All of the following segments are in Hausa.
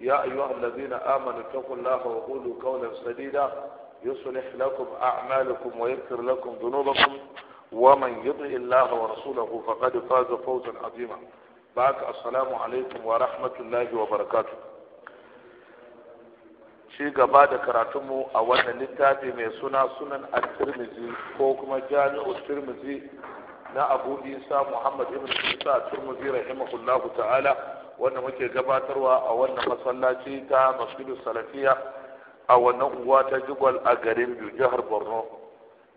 يا أيها الذين آمنوا اتقوا الله وقولوا قولا سديدا يصلح لكم أعمالكم ويغفر لكم ذنوبكم ومن يطع الله ورسوله فقد فاز فوزا عظيما بعد السلام عليكم ورحمة الله وبركاته shi gaba da karatunmu a wannan littafi mai suna sunan at-tirmidhi ko kuma jami'u at tirmidhi na abu isa muhammad ibn isa at-tirmidhi rahimahullahu ta'ala wanda muke gabatarwa a wannan masallaci ta masjidu salafiya a wannan unguwa ta jigwal a garin biyu jihar borno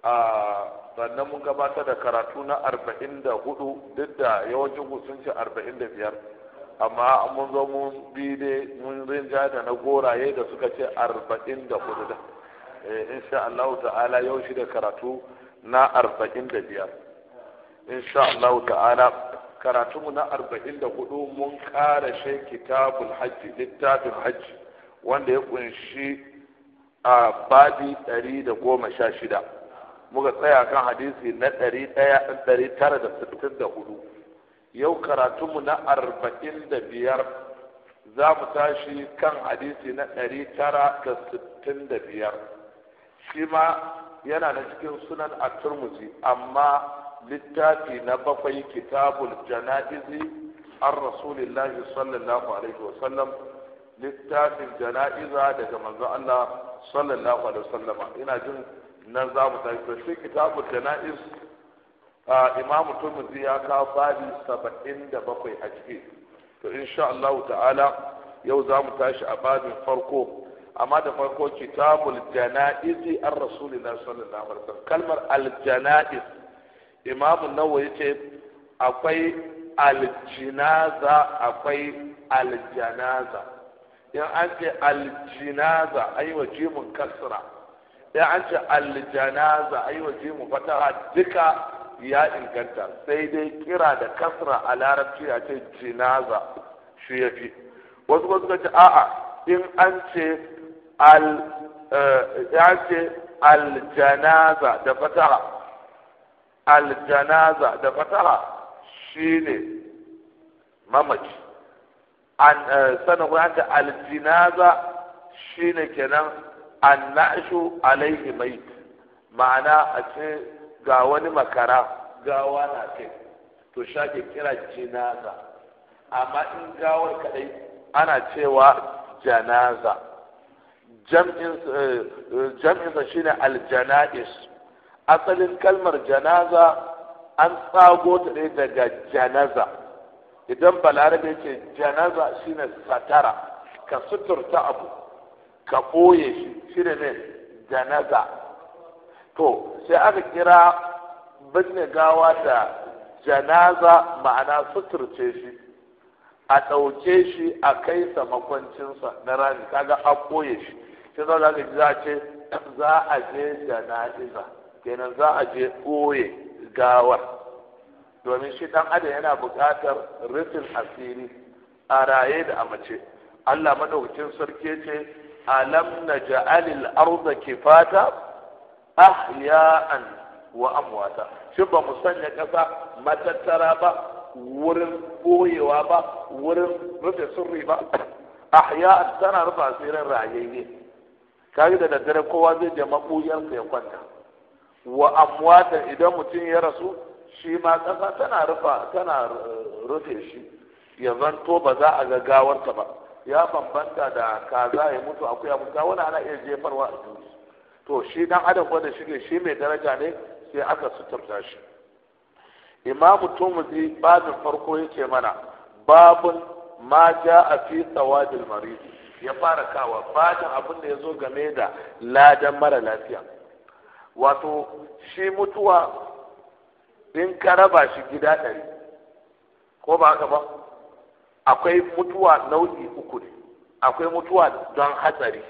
a sannan mun gabatar da karatu na arba'in da hudu duk da yawancin sun ce arba'in da biyar amma mun zo mun bi ne mun rinja da na goraye da suka ce arba'in da hudu da eh, insha Allah ta'ala yau shi da karatu na arba'in da biyar insha Allah ta'ala karatunmu na arba'in da hudu mun karashe kitabul hajji littafin hajji wanda ya kunshi a babi ɗari da goma sha shida muka tsaya kan hadisi na ɗari ɗaya ɗari tara da sittin da hudu yau karatunmu na arba'in da biyar za mu tashi kan hadisi na ɗari tara da sittin da biyar shi ma yana da cikin sunan a turmuzi amma littafi na bakwai kitabul jana'izi an rasulillahi sallallahu alaihi wasallam littafin jana'iza daga manzo Allah sallallahu alaihi wasallam ina jin nan za mu tafi shi kitabul jana'iz a imam turmizi ya kawo babi saba'in da bakwai a ciki to insha Allah ta'ala yau za mu tashi a babin farko amma da farko kitabul jana'izi an rasulillahi sallallahu alaihi wasallam kalmar al jana'iz imamu nawa ya ce akwai aljinaza akwai aljanaza in an ce aljinaza yi wa jimin kasra in an ce aljanaza yi wa jimin fatara duka ya inganta sai dai kira da kasra a larabci a ce jinaza shi ya fi wasu wasu ka ce a'a in an ce al ya eh, ce aljanaza da fatara. aljanaza da fataha shi ne mamaci an eh, sanin kuma ta aljinaza ne kenan an na'ashu alaihi mai ma'ana a ce ga wani makara gawa na kai to shake kira jinaza amma in gawar kadai ana cewa janaza eh, eh, jam'insa ne aljana'is asalin kalmar janaza an tsago ta ne daga janaza idan balarabe ce janaza shine satara ka suturta abu ka ɓoye shi shine ne janaza to sai aka kira binne gawa da janaza ma'ana suturce shi a ɗauke shi a kai sa makwancinsa na rani kaga a ɓoye shi shi zaune za a ce za a je jana'iza kenan za a je ɓoye gawar domin shi ɗan adam yana buƙatar rufin asiri a raye da a mace Allah maɗaukacin sarki ce alam na ja'alil arda kifata ahya'an wa amwata shi ba mu sanya ƙasa matattara ba wurin ɓoyewa ba wurin rufe sirri ba ahya'an tana rufe asirin rayayye kaga da daddare kowa zai je maɓuyarsa ya kwanta wa amwata idan mutum ya rasu shi ma ƙasa tana rufa tana eh, rufe shi ya zanto ba za a ga gawarta ba ya bambanta da kaza ya mutu akwai abu ga wani ana iya jefarwa a duniya to shi dan adam wanda shige shi mai daraja ne sai aka suturta shi imamu tumuzi babin farko yake mana babun ma ja a fi tsawadil maridi ya fara kawa babin abin da ya zo game da ladan mara lafiya wato shi mutuwa in ka raba shi gida ɗari ko ba haka ba akwai mutuwa nau'i uku ne akwai mutuwa don hatsari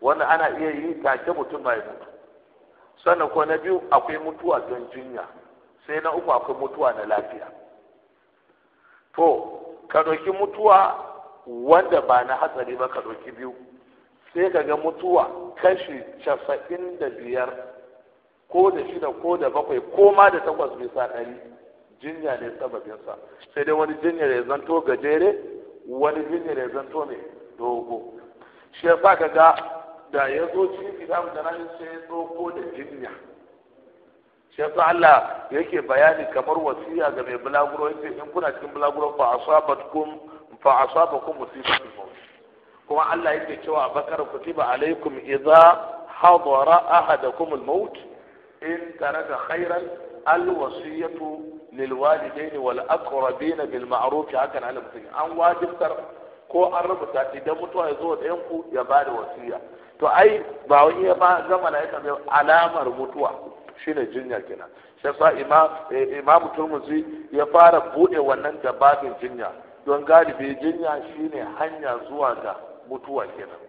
wanda ana iya yi take mutum mai mutu sannan ko na biyu akwai mutuwa don jinya sai na uku akwai mutuwa na lafiya to ka ɗauki mutuwa wanda ba na hatsari ba ka ɗauki biyu sai ka ga mutuwa kashi casa'in da biyar ko da shida ko da bakwai ko ma da takwas bisa ɗari jinya ne sababinsa sai dai wani jinya ya zanto gajere wani jinya ya zanto ne dogo shi ya sa ka ga da ya zo cikin kitabun da nan sai ya dogo da jinya shi yasa Allah yake bayani kamar wasiya ga mai bulaguro yake in kuna cikin bulaguro fa asabatkum fa asabakum musibatu kuma Allah yake cewa bakar kutiba alaikum idza hadara ahadakum al-maut in taraka khairan al-wasiyatu lil walidain wal aqrabin bil ma'ruf hakan ala mutum an wajibtar ko an rubuta idan mutuwa ya zo da yanku ya ba da wasiya to ai ba wani ya ba zama na yaka alamar mutuwa shine jinya kenan shi yasa eh, imam turmuzi ya fara bude wannan da jinya don galibi jinya shine hanya zuwa ga mutuwa kenan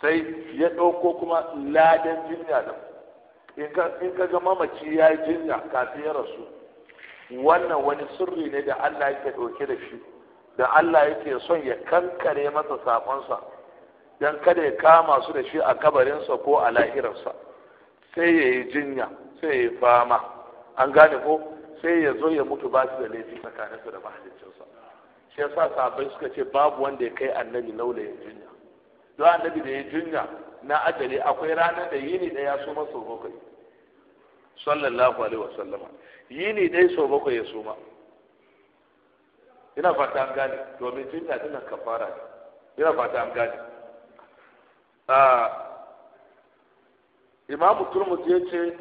sai ya ɗauko kuma ladan jinya da in ka ga mamaci ya yi jinya kafin ya rasu wannan wani sirri ne da Allah yake ɗauke da shi da Allah yake son ya kankare masa saƙonsa don kada ya kama su da shi a kabarinsa ko a lahirarsa sai ya yi jinya sai ya yi fama an gane ko sai ya zo ya mutu ba su da laifi tsakaninsu da mahalicci shi yasa sahabbai suka ce babu wanda ya kai annabi ya jinya don annabi da ya jinya na ajali akwai ranar da yini ɗaya suma sau bakwai sallallahu alaihi wasallama yini ɗaya sau bakwai ya suma ina fata an gane domin jinya tana kafara ne ina fata an gane ah, imamu turmus ya ce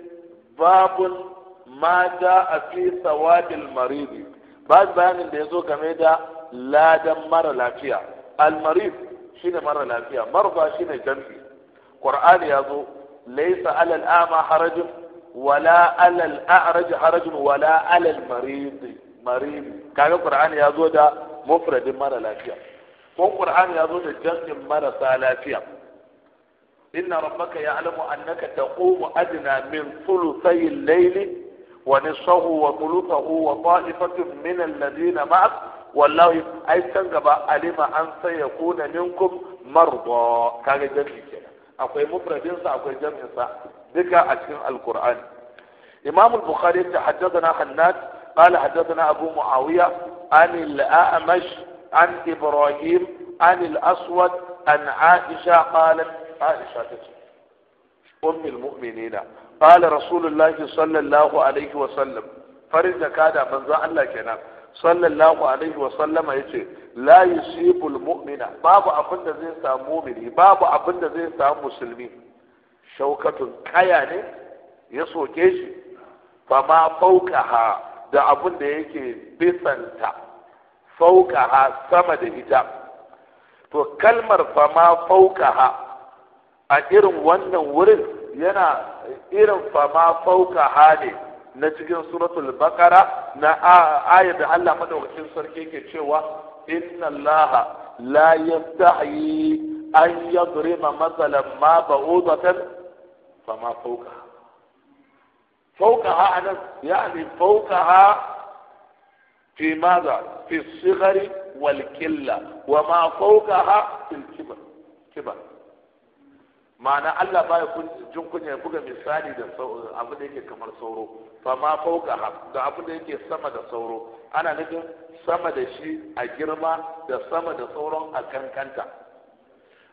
babun ma da a fi sawadil maridi ba bayanin da ya zo game da ladan mara lafiya almarif shine mara lafiya marba shine jam'i qur'ani yazo laysa alal ama harajun wala alal a'raj harajun wala alal marid marid kaga qur'ani yazo da mufradin mara lafiya ko qur'ani yazo da jam'in marasa lafiya إن ربك يعلم أنك تقوم أدنى من ثلثي الليل ونصفه وثلثه وطائفة من الذين معك والله اي سنغبا علم ان سيكون منكم مرضى كان جميل كده اكو مفردين اكو جميل دكا اكن القران امام البخاري تحدثنا حناد قال حدثنا ابو معاويه عن الاعمش عن ابراهيم عن الاسود عن عائشه قالت عائشه ام المؤمنين قال رسول الله صلى الله عليه وسلم فرد كذا فنزع الله كنا sallallahu alaihi wa sallama yace la yusibul mu'mina babu abin da zai samu mu'mini babu abin da zai samu musulmi shaukatun kaya ne ya soke shi fa ma da abin da yake bisanta fauqaha sama da ita to kalmar fa ma a irin wannan wurin yana irin fa ma ne na cikin suratul baqara na ayat da Allah madaukakin sarki yake cewa inna Allah la yastahi an yadriba masalan ma ba'udatan fama fawqaha فوقها أنا يعني فوقها في ماذا؟ في الصغر والكلة وما فوقها في الكبر كبر ma'ana Allah ba ya jin kunya ya buga misali da abu da yake kamar sauro fa ma fauka da abu da yake sama da sauro ana nufin sama da shi a girma da sama da sauron a kankanta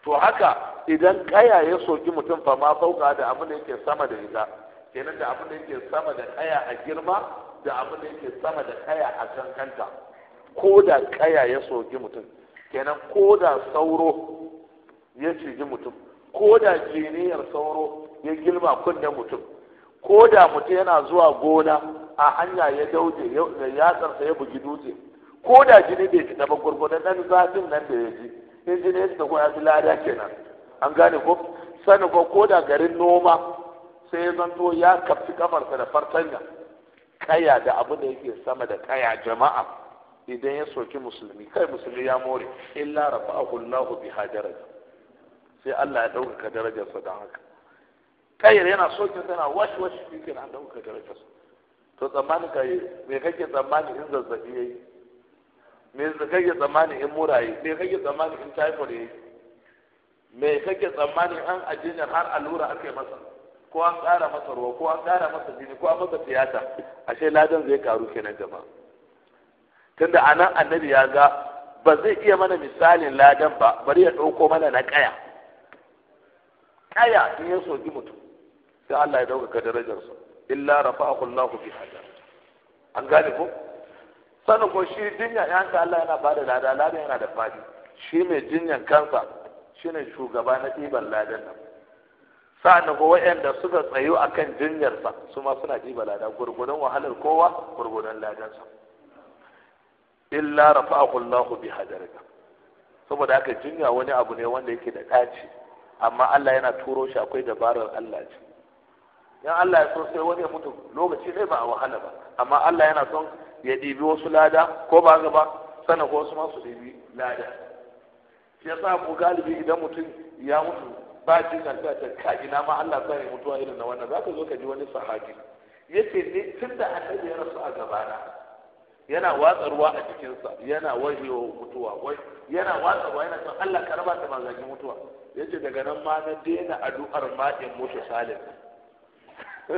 to haka idan kaya ya soki mutum fa ma fauka da abu da yake sama da ita kenan da abu da yake sama da kaya a girma da abu da yake sama da kaya a kankanta ko da kaya ya soki mutum kenan ko da sauro ya ciji mutum ko da jiniyar sauro ya girma kunnen mutum ko da mutum yana zuwa gona a hanya ya dauje da yatsarsa ya bugi dutse ko da jini bai fita ba gurgurdan dan zafin nan da ya ji in jini ya fita ya fi lada kenan an gane ko sani ko ko da garin noma sai ya zanto ya kafi kafarsa da fartanya kaya da abu da yake sama da kaya jama'a idan ya soki musulmi kai musulmi ya more illa rafa'ahu Allah bi hajarati sai Allah ya ɗaukaka darajarsa don haka kayar yana soke tana washi washi shi ke ɗauka ɗaukaka darajarsa to tsammanin ka yi me kake tsammani in zazzabi ya yi me kake tsammani in mura ya yi me kake tsammani in typhoid ya yi me kake tsammani an ajiyar har allura aka yi masa ko an ƙara masa ruwa ko an ƙara masa jini ko an masa tiyata ashe ladan zai karu kenan jama'a tunda anan annabi ya ga ba zai iya mana misalin ladan ba bari ya ɗauko mana na ƙaya kaya in ya soki mutum sai Allah ya dauka darajarsa illa rafa'ahu Allah bi hajar an gane ko sanin ko shi jinya ya ka Allah yana bada lada lada yana da fadi shi mai jinyan kansa shine shugaba na ɗiban ladan nan sa'an ko waɗanda suka tsayu akan sa, su ma suna jiba lada gurgudan wahalar kowa gurgudan sa illa rafa'ahu Allah bi hajarika saboda haka jinya wani abu ne wanda yake da ɗaci amma Allah yana turo shi akwai dabarar Allah ce 'yan Allah ya so sai wani ya mutu lokaci zai ba a wahala ba amma Allah yana son ya ɗibi wasu lada ko ba gaba sana ko wasu masu ɗibi lada shi ya sa ku galibi idan mutum ya mutu ba jin alfiya ta kaji na ma Allah sa ya mutuwa irin na wannan zaka zo ka ji wani sahabi ce ne tunda annabi ya rasu a gabana yana watsa ruwa a jikinsa yana wajewa mutuwa wai yana watsa ba yana cewa Allah ka raba ta mazakin mutuwa yace daga nan ma na daina addu'ar ma in mutu salim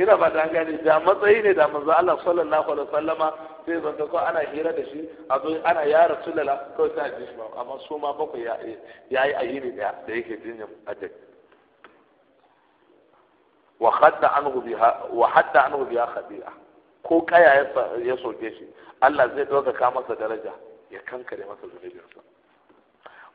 ina ba ta gani da matsayi ne da manzo Allah sallallahu alaihi wasallama sai zan ko ana hira da shi a zo ana ya rasulullah ko ta ji shi ba amma su ma ku ya yayi ayini da da yake jinya adad wa hadda anhu biha wa hadda anhu biha khabi'a ko kaya ya soke shi Allah zai dauka masa daraja ya kankare masa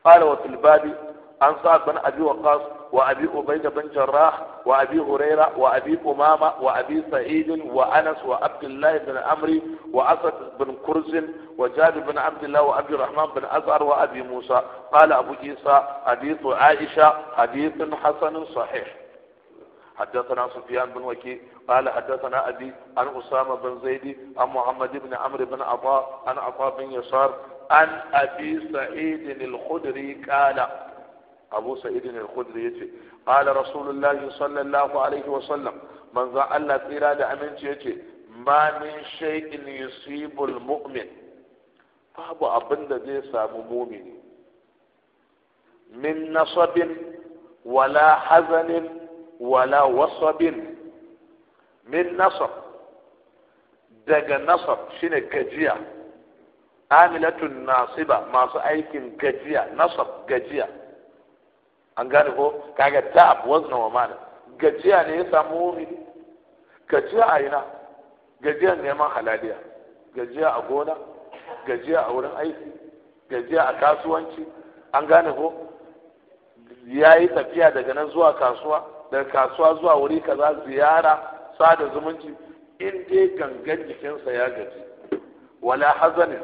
قال وفي الباب عن سعد بن ابي وقاص وابي عبيد بن جراح وابي هريره وابي امامه وابي سعيد وانس وعبد الله بن عمرو واسد بن كرز وجابر بن عبد الله وابي الرحمن بن ازهر وابي موسى قال ابو عيسى حديث عائشه حديث حسن صحيح حدثنا سفيان بن وكيع قال حدثنا أبي عن أسامة بن زيد عن محمد بن عمرو بن عطاء عن عطاء بن يسار عن أبي سعيد الخدري قال أبو سعيد الخدري قال رسول الله صلى الله عليه وسلم من ذا الله تيرا دا أمنتي ما من شيء يصيب المؤمن babu abin da zai samu mumini min nasabin wala hazanin wala wasabin min nasab daga nasab shine gajiya amilatun nasiba masu aikin gajiya nasab gajiya an gane ko kaga ta'ab wazna wa mana gajiya ne ya samu mumini gajiya a ina gajiya neman halaliya gajiya a gona gajiya a wurin aiki gajiya a kasuwanci an gane ko ya yi tafiya daga nan zuwa kasuwa daga kasuwa zuwa wuri kaza ziyara sada zumunci in dai gangan jikinsa ya gaji wala hazanin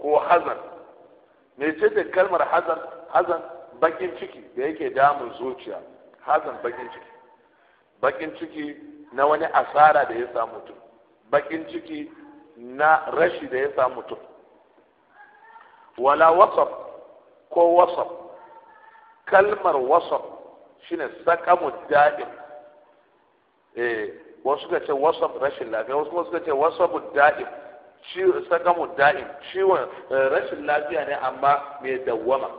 ko hazan me ce da kalmar hazan hazan bakin ciki da yake damun zuciya hazan bakin ciki bakin ciki na wani asara da ya samu mutum bakin ciki na rashi da ya samu mutum wala wasaf ko wasaf kalmar wasaf shine sakamu da'im eh wasu suka ce wasab rashin lafiya wasu wasu suka ce wasabu da'im sakamu da'im ciwon eh, rashin lafiya ne amma mai dawwama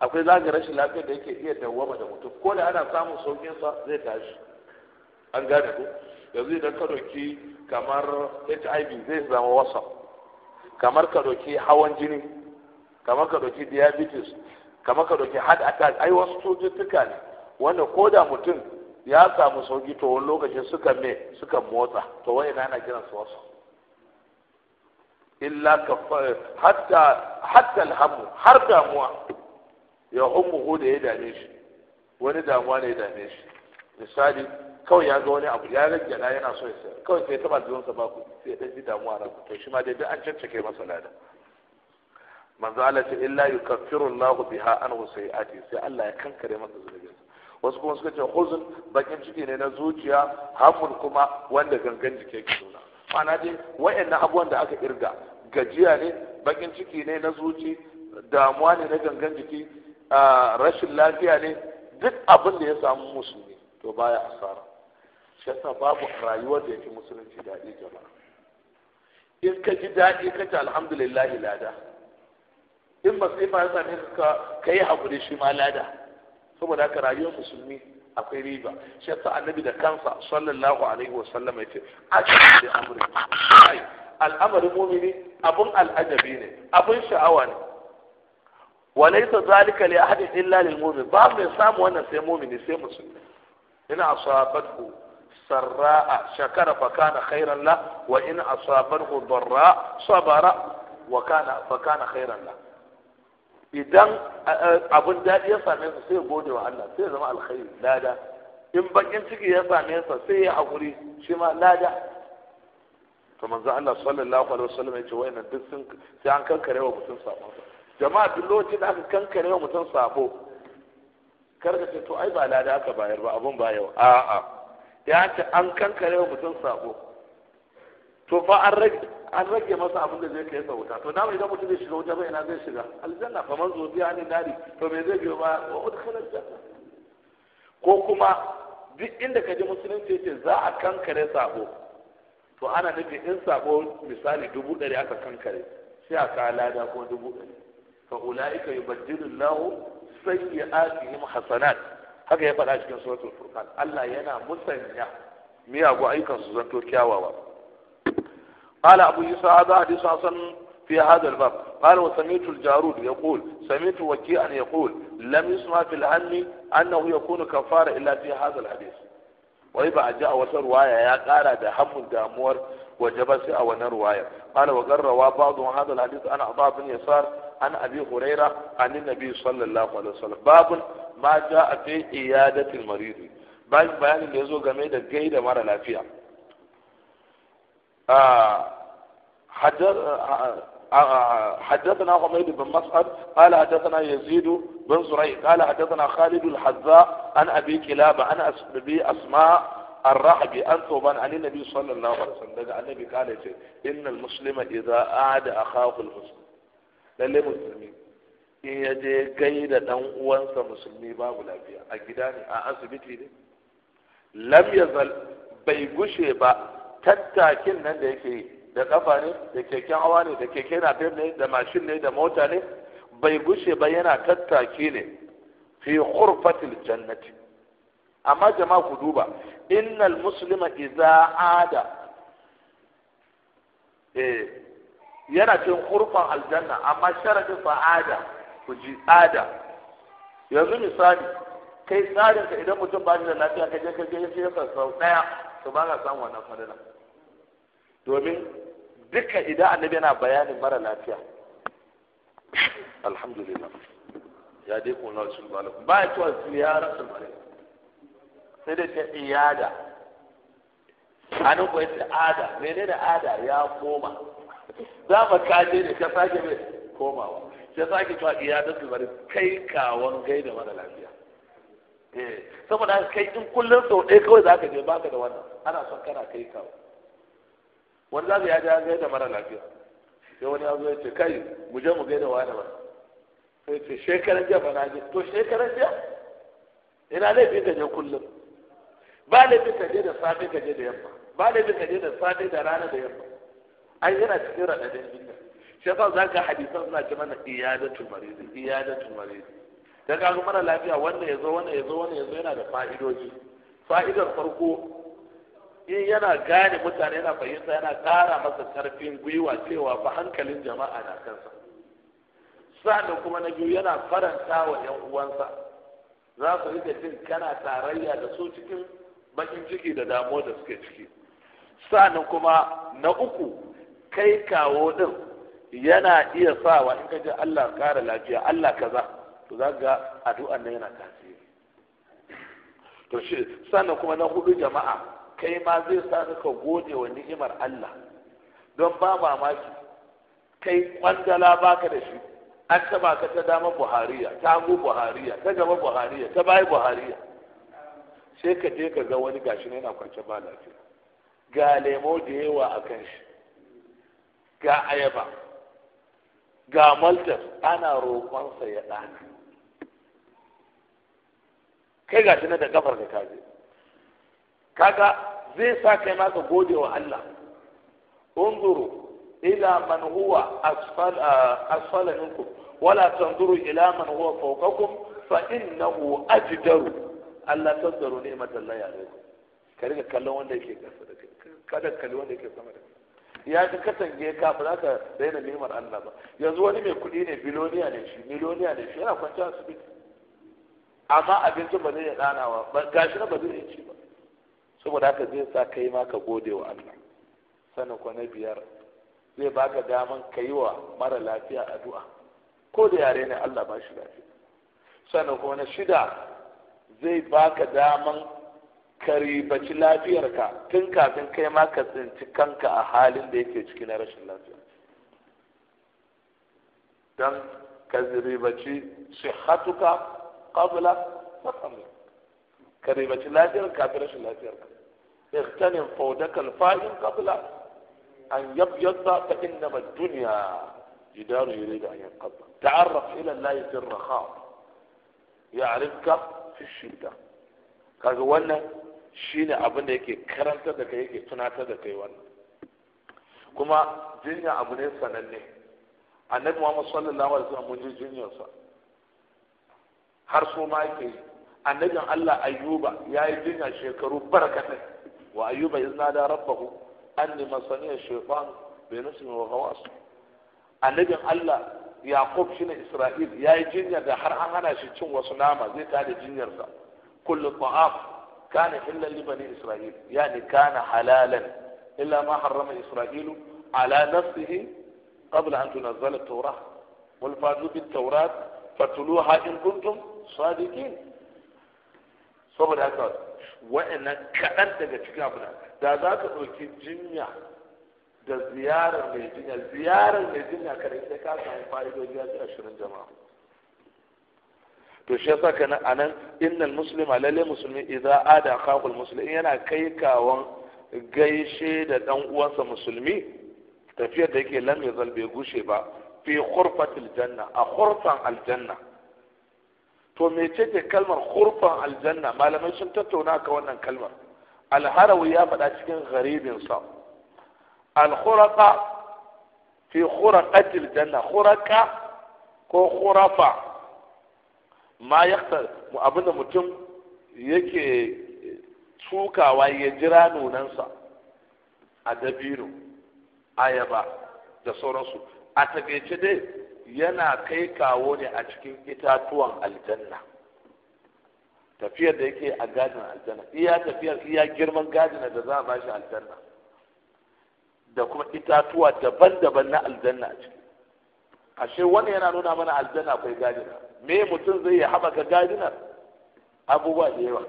akwai zaga rashin lafiya da yake iya dawwama da mutum ko da ana samun saukin sa zai tashi an gane ko yanzu idan ka doki kamar HIV zai zama wasab kamar ka doki hawan jini kamar ka doki diabetes kamar ka dauki hard attack ai wasu cututtuka ne wanda ko da mutum ya samu sauki to wani lokaci suka me suka motsa to wai na ana kiran su wasu illa ka hatta hatta alhamu har damuwa ya hu da ya dame shi wani damuwa ne ya dame shi misali kawai ya ga wani abu ya rage yana so ya sayar kawai sai ta ba zuwansa ba ku sai dan ji damuwa ku to shi ma dai duk an cancake masa lada. manzo Allah ce illa yukaffiru Allah biha an sayiati sai Allah ya kankare masa zunubin wasu kuma suka ce huzun bakin ciki ne na zuciya hafun kuma wanda gangan jiki yake nuna ma'ana dai wayannan abubuwan da aka kirga gajiya ne bakin ciki ne na zuci damuwa ne na gangan jiki rashin lafiya ne duk abin da ya samu musulmi to baya asara shi yasa babu rayuwar da yake musulunci daɗi jama'a in ka ji daɗi ka ce alhamdulillah lada in ba sai ba ya same ka ka yi hakuri shi ma lada saboda haka rayuwar musulmi akwai riba shi yasa annabi da kansa sallallahu alaihi wasallam ya ce ajabi amri ai al'amarin mu'mini abun al'ajabi ne abun sha'awa ne walaysa zalika li ahadin illa lil mu'min ba mai samu wannan sai mu'mini sai musulmi ina asabatu sarra'a shakara fa kana khairan la wa in asabahu darra sabara wa kana fa kana khairan la idan abin daɗi ya same su sai gode wa Allah sai zama alkhairi lada in bakin ciki ya same sa sai ya haƙuri shi ma lada to manzo Allah sallallahu alaihi wasallam yace wayannan duk sun sai an kankare wa mutum sabo jama'a duk lokacin da aka kankare wa mutum sabo kar ka ce to ai ba lada aka bayar ba abun ba yau a'a ya ce an kankare wa mutum sabo to fa an rage an rage masa abin da zai kai sa wuta to dama idan mutum zai shiga wuta bai na zai shiga aljanna fa man zuwa biya ne dari to me zai biyo ba wa udkhil aljanna ko kuma duk inda ka ji musulunci ce za a kankare sabo to ana nufin in sabo misali dubu ɗari aka kankare sai a kawo lada ko dubu ɗari fa ulaika yubaddilu Allahu sayyi'atihim hasanat haka ya faɗa cikin suratul furqan Allah yana musanya miyagu ayyukan su zanto kyawawa قال أبو يسعى هذا حديث حسن في هذا الباب قال وسمعت الجارود يقول سمعت وكيعا يقول لم يسمع في الهم أنه يكون كفارة إلا في هذا الحديث وإذا جاء رواية يا قال ده هم دامور وجبس أو رواية قال وقال روا بعضهم هذا الحديث أنا أعطاه بن يسار عن أبي هريرة عن النبي صلى الله عليه وسلم باب ما جاء في إيادة المريض باب بيان اللي يزوج جميل جيد مرة لا فيها حدثنا حميد بن مسعد قال حدثنا يزيد بن زريع قال حدثنا خالد الحذاء عن ابي كلابه عن ابي اسماء الرحبي عن ثوبان عن النبي صلى الله عليه وسلم قال النبي قال ان المسلم اذا اعاد اخاه المسلم lalle musulmi in ya je gaida dan uwansa musulmi babu lafiya a gida ne a asibiti ne lam yazal bai gushe ba tattakin nan da yake yi da kafa ne da keken hawa ne da keke na ne da mashin ne da mota ne bai gushe ba yana tattaki ne fi khurfatil jannati amma jama'a ku duba innal muslima idza ada eh yana cin khurfan aljanna amma sharadin fa ada ku ji ada yanzu misali kai tsarin ka idan mutum ba shi da lafiya ka je ka je ya ka sau daya to ba ka samu wannan fadila domin duka idan annabi yana bayanin mara lafiya alhamdulillah ya dai kuna wasu balakun ba ya cewa ziyara sulmare sai dai ta iyada anan kuwa ta ada mene da ada ya koma za mu kaje ne ka sake mai komawa sai sake cewa iyada Bari kai kawon gai da mara lafiya eh, saboda kai in kullum sau ɗaya kawai za ka je baka da wannan ana son kana kai kawo wani za zaka ya an gaida mara lafiya sai wani ya zo ya ce kai mu je mu gaida wani ba sai ce shekaran jiya ba na je to shekaran jiya ina laifin ka je kullum ba laifin ka je da safe ka je da yamma ba laifin ka je da safe da rana da yamma ai yana cikin raɗaɗin jinya shi yasa za ka hadisan suna ce mana iyadatul maridi iyadatul maridi da kaga mara lafiya wannan ya zo wannan ya zo wannan ya zo yana da fa'idoji fa'idar farko in yana gane mutane yana fahimta yana ƙara masa ƙarfin gwiwa cewa ba hankalin jama'a na kansa sa'annan kuma na biyu yana faranta wa 'yan uwansa za su rike jin kana tarayya da su cikin bakin ciki da damuwa da suke ciki sa'annan kuma na uku kai kawo din yana iya sawa in ka ji Allah ƙara lafiya Allah kaza to za ga addu'an nan yana tasiri to shi sannan kuma na hudu jama'a kai ma zai sa ka gode wa ni'imar Allah don ba mamaki kai kwandala baka da shi an taba ka ta dama buhariya ta hagu buhariya ta gaba buhariya ta bayi buhariya sai ka je ka ga wani gashi ne yana kwance ba lafiya ga lemo da yawa a kan shi ga ayaba ga maltas ana roƙonsa ya ɗana kai gashi na da kafar ka kaje kaga zai sa kai ma ka gode wa Allah unzuru ila man huwa asfal asfala minkum wala tanzuru ila man huwa fawqakum fa innahu ajdaru Allah tazdaru ni'matan la ya'lamu ka riga kallon wanda yake kasa da kai kada kalli wanda yake sama da kai ya ka katange ka ba za ka daina nemar Allah ba yanzu wani mai kuɗi ne biloniya ne shi miloniya ne shi yana kwanciya asibiti amma abincin ba zai ya ɗanawa ba gashi na ba zai ci ba saboda haka zai sa kai ma ka gode wa Allah sannan ko na biyar zai baka daman ka yi wa mara lafiya addu'a ko da yare ne Allah ba shi lafiya sannan kuma na shida zai baka daman ka ribaci lafiyarka tun kafin kai ma ka tsinci kanka a halin da yake ciki na rashin lafiya don ka ribaci sihatuka qabla fasamu ka ribaci lafiyar kafin rashin lafiyarka اغتنم فودك الفائن قبل أن يبيض فإنما الدنيا جدار يريد أن ينقض تعرف إلى الله في الرخاء يعرفك في الشدة kaga wannan shine abin da yake karanta da kai yake tunatar da kai wannan kuma jinya abu ne sananne annabi Muhammad sallallahu alaihi wasallam mun ji sa. har so ma yake annabin Allah Ayuba ya yi jinya shekaru barkatai وأيوب إذ نادى ربه أني مصني الشيطان بنسم وغواص أن النبي قال يعقوب شنا إسرائيل يا جنيا ده حر أنا شتون وصنامة زي تاد جنيا كل الطعام كان إلا لبني إسرائيل يعني كان حلالا إلا ما حرم إسرائيل على نفسه قبل أن تنزل التوراة والفادو بالتوراة فتلوها إن كنتم صادقين صبر يا wa'annan kaɗan daga cikin abin da za ka ɗauki jinya da ziyarar mai jinya ziyarar mai jinya kare sai ka samu fa'idoji ya ashirin jama'a to shi yasa kana anan innal muslima lalle musulmi idza ada khaqul muslim yana kai kawon gaishe da dan uwansa musulmi tafiyar da yake lam yazal bai gushe ba fi khurfatil janna a khurfan aljanna to mece ce kalmar hurfan aljanna malamai sun tattauna ka wannan kalmar alharawi ya faɗa cikin gharibin sa alkhuraqa fi khuraqatil janna khuraqa ko khurafa ma yakta abinda mutum yake tukawa ya jira nunansa a dabino ayaba da sauransu a takaice dai yana kai kawo ne a cikin itatuwan aljanna tafiyar da yake a gadin aljanna iya tafiyar iya girman gadin da za a bashi aljanna da kuma itatuwa daban-daban na aljanna a ciki ashe wani yana nuna mana aljanna akwai gadina me mutum zai yi haɓaka gadinar abubuwa da yawa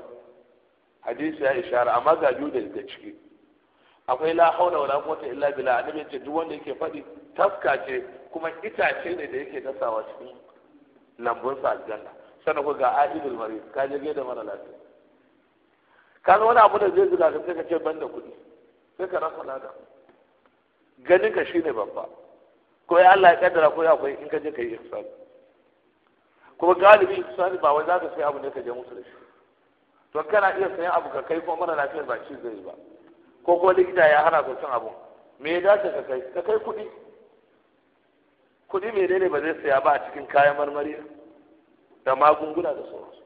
hadisi ya ishara amma ga biyu da ciki akwai la haula wala quwwata illa billah annabi yace duk wanda yake faɗi taska ce kuma itace ne da yake dasawa cikin lambun sa aljanna sannan ko ga adilul mari ka je da mara lafiya ka ga wani abu da zai zuga ka sai ka ce banda kuɗi sai ka rasa lada ganin ka shine babba ko ya Allah ya kaddara ko ya akwai in ka je ka yi ihsan kuma galibi ihsan ba wai za ka sai abu ne ka je musu da shi to kana iya sayan abu ka kai kuma mara lafiyar ba shi zai ba ko ko likita ya hana ku cin abu me ya dace ka kai ka kai kuɗi kuɗi me ne ba zai saya ba a cikin kayan marmari da magunguna da sauransu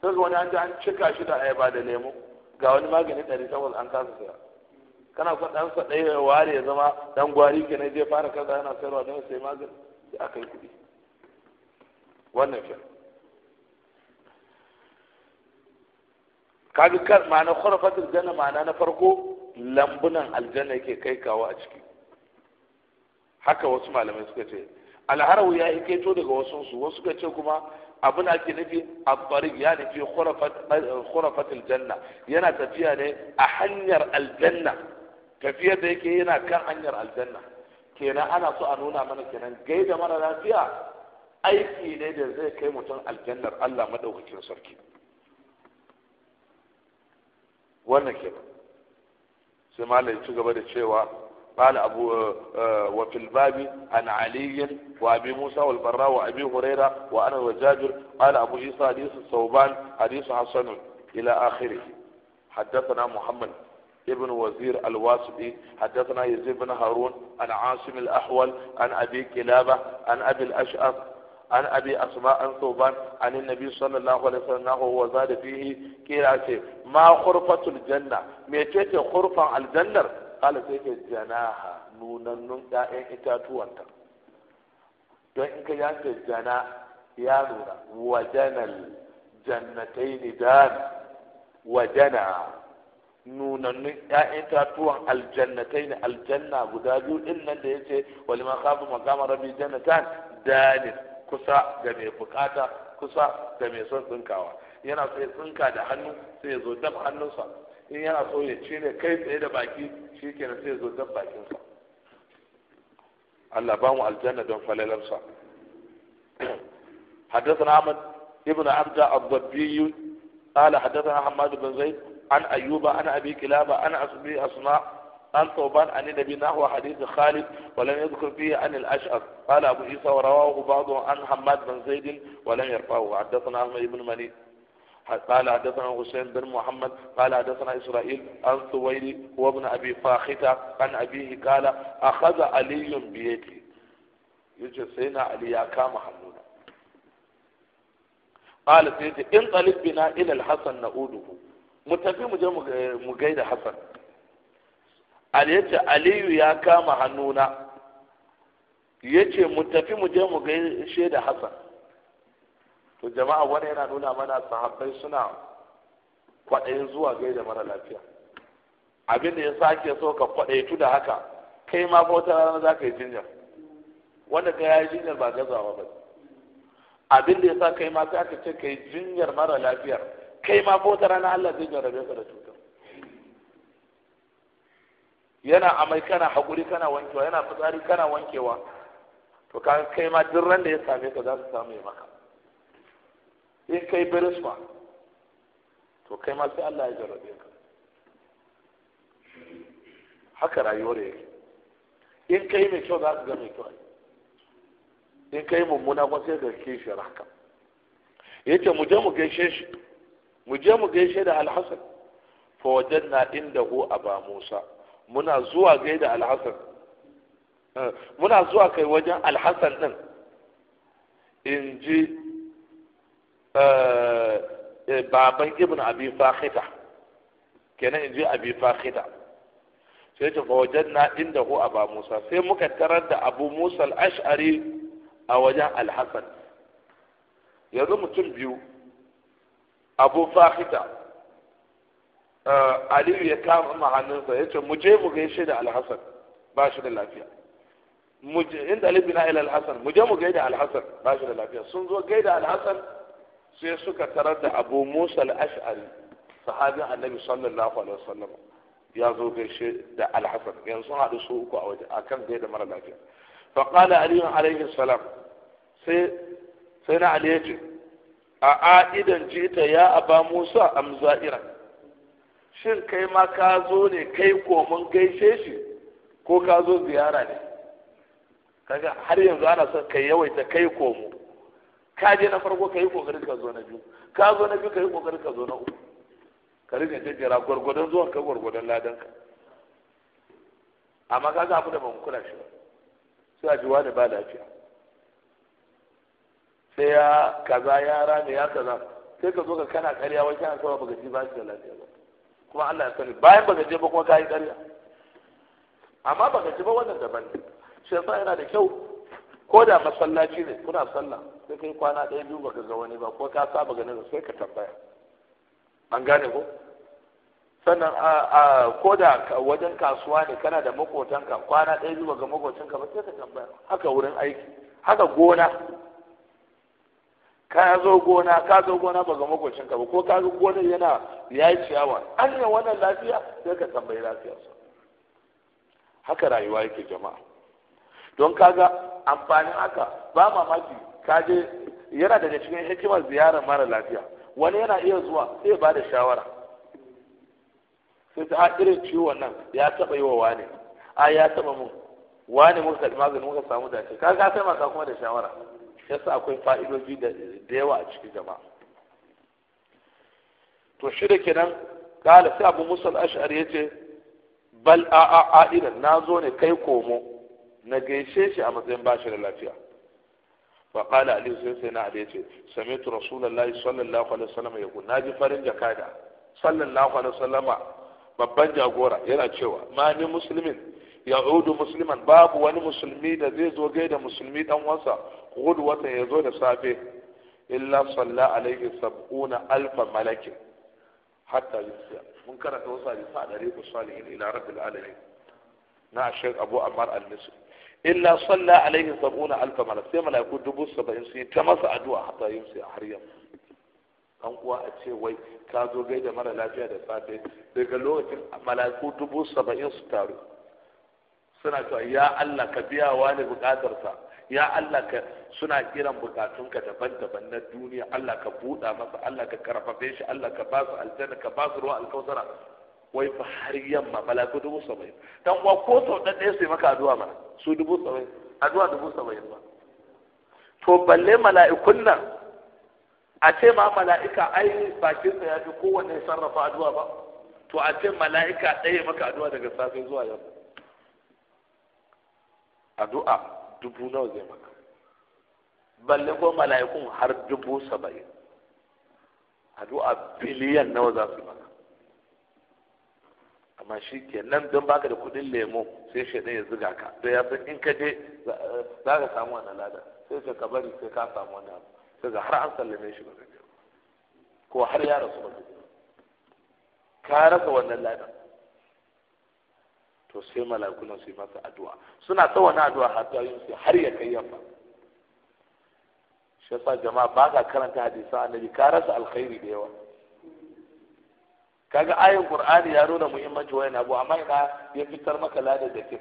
sai wani an ji an cika shi da ayaba da lemu ga wani magani ɗari takwas an kasa saya kana son ɗan sa ɗaya ya ware ya zama ɗan gwari ke zai fara kaza yana sayarwa don sai magani sai aka yi kuɗi wannan fiye kaga kar ma'ana khurfatul gana ma'ana na farko lambunan aljanna yake kai kawo a ciki haka wasu malamai suka ce alharawu ya yi kaito daga wasu su wasu suka ce kuma abin ake nufi a tsarin ya nufi khurafat aljanna yana tafiya ne a hanyar aljanna tafiyar da yake yana kan hanyar aljanna kenan ana so a nuna mana kenan gaida mara lafiya aiki ne da zai kai mutum aljannar Allah madaukakin sarki wannan kenan سمع لي ya ci قال أبو وفي الباب عن علي وأبي موسى والبراء وأبي هريرة وأنا وجابر قال أبو عيسى حديث الصوبان حديث حسن إلى آخره حدثنا محمد ابن وزير الواسطي حدثنا يزيد بن هارون عن عاصم الأحول عن أبي كلابة عن أبي الأشعث an abi asma an soban an nabi sallallahu alaihi wasallam wa zada fihi kira ce ma khurfatul janna me ce ce khurfan aljannar qala sai ke janaha nunannun ƴaƴan itatuwanta don in ka yanke jana ya nuna wajanal jannatain dan wajana nunannun ‘ya'yan tatuwan aljannatai ne aljanna guda biyu din nan da ya ce wali ma kafa makama rabi jannatan danin kusa ga mai bukata kusa ga mai son tsinkawa yana so ya tsinka da hannu sai ya zo dab hannunsa in yana so ya cire kai tsaye da baki shi kenan sai ya zo dab bakinsa Allah ba mu aljanna don falalarsa حدثنا أحمد ابن عبد الضبي قال حدثنا حماد بن زيد عن أيوب عن أبي كلابة عن أصبي أصناء قال ثوبان عن النبي نحو حديث خالد ولم يذكر فيه عن الأشعر قال أبو عيسى ورواه بعضه عن حماد بن زيد ولم يرفعه حدثنا أحمد بن مني قال حدثنا حسين بن محمد قال حدثنا إسرائيل عن ثويري هو ابن أبي فاختة عن أبيه قال أخذ علي بيدي يجي سيدنا علي يا كام حمودا قال سيدي انطلق بنا إلى الحسن نؤوده متفق مجا مجيد حسن ali ya ce aliyu ya kama hannuna ya ce mu tafi mu je mu gaishe da hassan to jama'a wani yana nuna mana sahabbai suna kwaɗayin zuwa gaida mara lafiya abin da ya sake so ka kwaɗaitu da haka kai ma wata rana za ka yi jinyar wanda ka yi jinyar ba gazawa ba abin da ya sa kai ma sai aka ce ka yi jinyar mara lafiyar kai ma wata rana Allah zai jarabe ka da cuta yana amai kana haƙuri kana wankewa yana fitsari kana wankewa to ka kai ma duk ran da ya same ka za su samu ya maka in kai biris ma to kai ma sai Allah ya jarrabe ka haka rayuwar yake in kai mai kyau za su ga mai kyau in kai mummuna kuma sai ga kishiyar raka yace mu je mu gaishe shi mu je mu gaishe da alhassan fa wajanna indahu aba musa muna zuwa da alhassan eh, muna zuwa kai wajen alhassan ɗin in ji eh, eh, baban ibn abi fahita kenan in ji abi fahita sai ta fawajen na inda hu ba musa sai muka tarar da abu musa al'ashari a wajen alhassan yanzu mutum biyu abu fahita Eh, aliyu ya kama hannunsa ya ce mu je mu gaishe da alhassan ba shi da lafiya mu je inda alibi na ila alhassan mu je mu gaida alhassan ba shi da lafiya sun zo gaida alhassan sai suka tarar da abu musa al-ash'ari sahabin annabi sallallahu alaihi wasallam ya zo gaishe da alhassan yanzu haɗu su uku a waje akan gaida mara lafiya fa qala ali Alayhi salam sai sai na ali ya ce a'a idan jita ya aba musa am za'iran shin kai ma ka zo ne kai komin gaishe shi ko ka zo ziyara ne kaga har yanzu ana son kai yawaita kai komo ka je na farko ka yi kokarin ka zo na biyu ka zo na biyu ka yi kokarin ka zo na uku ka rika jajjara gwargwadon zuwan ka gwargwadon ladan ka amma ka ga abu da ban kula shi ba sai a ji wani ba lafiya sai ya kaza ya rame ya kaza sai ka zo ka kana karya wai kana sawa baka ji ba shi da lafiya ba kuma Allah ya sani bayan baka je ba kuma ka yi ƙarya amma baka je ba wannan daban ne shi yasa yana da kyau ko da masallaci ne kuna sallah sai kai kwana ɗaya biyu baka ga wani ba ko ka saba ganin sai ka tambaya an gane ko sannan a ko da wajen kasuwa ne kana da makotanka kwana ɗaya biyu ga makocinka ba sai ka tambaya haka wurin aiki haka gona ka zo gona ka zo gona ba ga makocinka ba ko ka ga gona yana ya yi ciyawa an yi wannan lafiya sai ka tambayi lafiyarsa haka rayuwa yake jama'a don kaga amfanin haka ba mamaki ka je yana daga cikin hikimar ziyarar mara lafiya wani yana iya zuwa sai ba da shawara sai ta irin ciwon nan ya taba yi wa wani a ya taba mun wani muka maganin muka samu dace ka ga sai maka kuma da shawara yasa akwai fa'idoji da yawa a cikin jama'a to shi da kenan kala sai abu musa al'ashari ya ce bal a a a idan na zo ne kai komo na gaishe shi a matsayin bashi da lafiya fa kala ali sai sai na ali ya ce samitu rasulullahi sallallahu alaihi wasallam ya ku naji farin jakada sallallahu alaihi wasallama babban jagora yana cewa ma ni muslimin ya'udu musliman babu wani musulmi da zai zo gaida musulmi dan wasa gudu wata ya zo da safe illa salla alaihi sab'una alfa malakin hatta yusiya mun karanta wasu hadisi a dare ku salihin ila rabbil alamin na shek abu ammar al-misri illa salla alaihi sab'una alfa malak sai malaiku dubu saba'in sun yi ta masa addu'a hatta yusiya har yamma an kuwa a ce wai ka zo gaida mara lafiya da safe daga lokacin malaiku dubu saba'in su taru suna cewa ya Allah ka biya wa ne bukatarsa ya Allah ka suna kiran bukatunka daban-daban na duniya Allah ka buɗa masa Allah ka karfafe shi Allah ka ba su aljanna ka ba su ruwa alkausara wai fa har yamma bala ko dubu saba'in dan wa ko sau ɗan ɗaya su yi maka addu'a mana su dubu saba'in addu'a dubu saba'in ba to balle mala'ikun nan a ce ma mala'ika ai sa ya fi kowanne sarrafa addu'a ba to a ce mala'ika ɗaya maka addu'a daga safe zuwa yamma addu'a dubu nawa zai maka balle ko mala'ikun har dubu saba'in addu'a biliyan nawa za su maka amma shi ke nan don baka da kudin lemo sai shaidan ya ziga ka to ya san in ka je za ka samu wani lada sai ka ka bari sai ka samu wani abu sai ga har an sallame shi ba ko har ya rasu ba ka ka rasa wannan ladan to sai malakunan su yi masa addu'a suna ta wani addu'a har ta yin har ya kai yamma shi yasa jama'a ba ka karanta hadisan annabi ka rasa alkhairi da yawa kaga ayin qur'ani ya nuna muhimmanci wayan abu amma ina ya fitar maka ladar da kin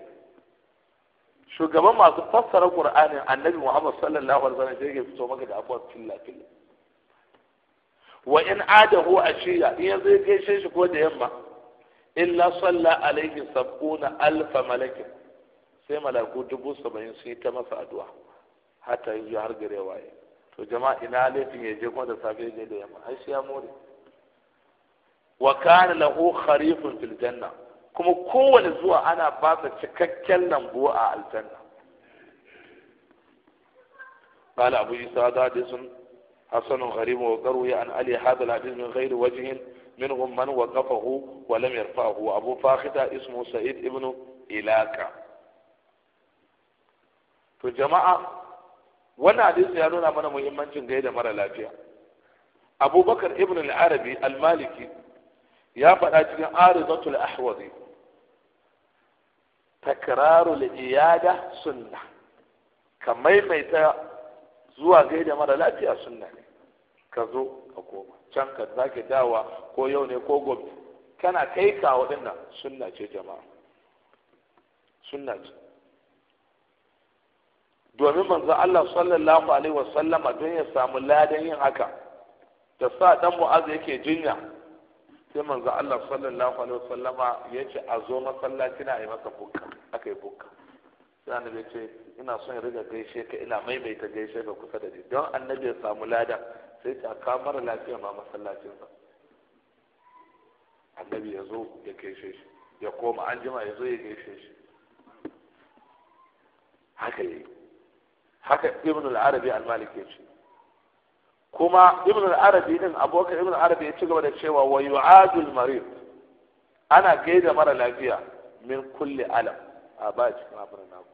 shugaban masu fassara qur'ani annabi muhammad sallallahu alaihi wasallam sai ya fito maka da abuwa filla filla wa in adahu ashiya in yanzu ya gaishe shi ko da yamma illa salla alaihi sab'una alfa malakin sai malaku dubu saba'in sun yi ta masa addu'a ta yi har gare waye to jama'a ina laifin ya je kuma da safe ne da yamma ai ya more wa kana lahu kharifun fil janna kuma kowane zuwa ana ba sa cikakken lambu a aljanna قال أبو عيسى هذا حديث حسن غريب وقروي عن علي هذا الحديث من غير وجه منهم من وقفه ولم يرفعه أبو فاخته اسمه سعيد ابن إلاكا to jama'a wannan hadisi ya nuna mana muhimmancin da mara lafiya abubakar ibn al-arabi al-maliki ya faɗa cikin aridatul ahwazi takrarul iyada sunna ka maimaita zuwa gaida mara lafiya sunna ne ka zo ka koma can ka sake dawa ko yau ne ko gobe kana kai kawo din nan sunna ce jama'a sunna ce domin manzo Allah sallallahu alaihi wasallama don ya samu ladan yin haka da sa dan mu'az yake jinya sai manzo Allah sallallahu alaihi wasallama ya ce a zo masallaci na yi masa bukka aka yi bukka sai annabi ce ina son ya riga gaishe ka ina maimaita gaishe ka kusa da ni don annabi ya samu ladan sai ta kamar mara lafiya ma masallacinsa annabi ya zo ya gaishe shi ya koma an jima ya zo ya gaishe shi haka yi haka ibn al-arabi al maliki ya ce kuma ibn al-arabi din abokan ibn al-arabi ya ci gaba da cewa wa yu'adu al-marid ana gaida mara lafiya min kulli alam a ba cikin abin naku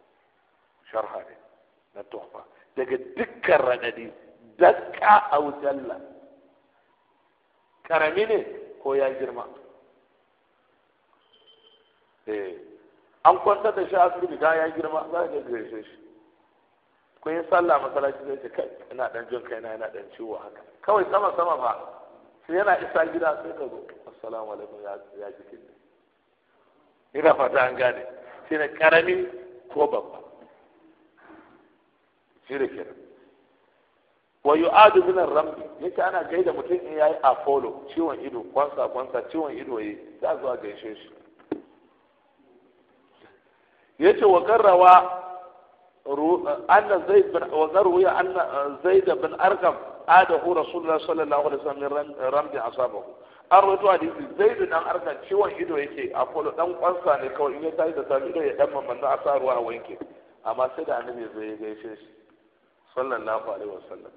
sharha ne na tuhfa daga dukkan radadi dakka aw la karami ne ko ya girma eh an kwanta da shi asibiti da ya girma za ka gaishe shi ko yin sallah masallaci zai ce kai ina dan jin na ina dan ciwo haka kawai sama sama ba sai yana isa gida sai ka zo assalamu alaikum ya jikin ne ina fata an gane shi ne karami ko babba shi da kenan wa yu adu ar-ramd yace ana gaida mutum in yayi apollo ciwon ido kwansa kwansa ciwon ido Ya eh, za zuwa gaishe shi yace wa karrawa anna zaid bin wa qarru ya anna eh, zaid bin arqam hu rasulullah sallallahu alaihi wasallam ramdi asabahu an hadisi zaid dan arqam ciwon ido yake apollo dan kwansa ne kawai in ya tashi da sami ido ya dan mamanna a sa ruwa a wanke amma sai da annabi zai gaishe shi sallallahu alaihi wasallam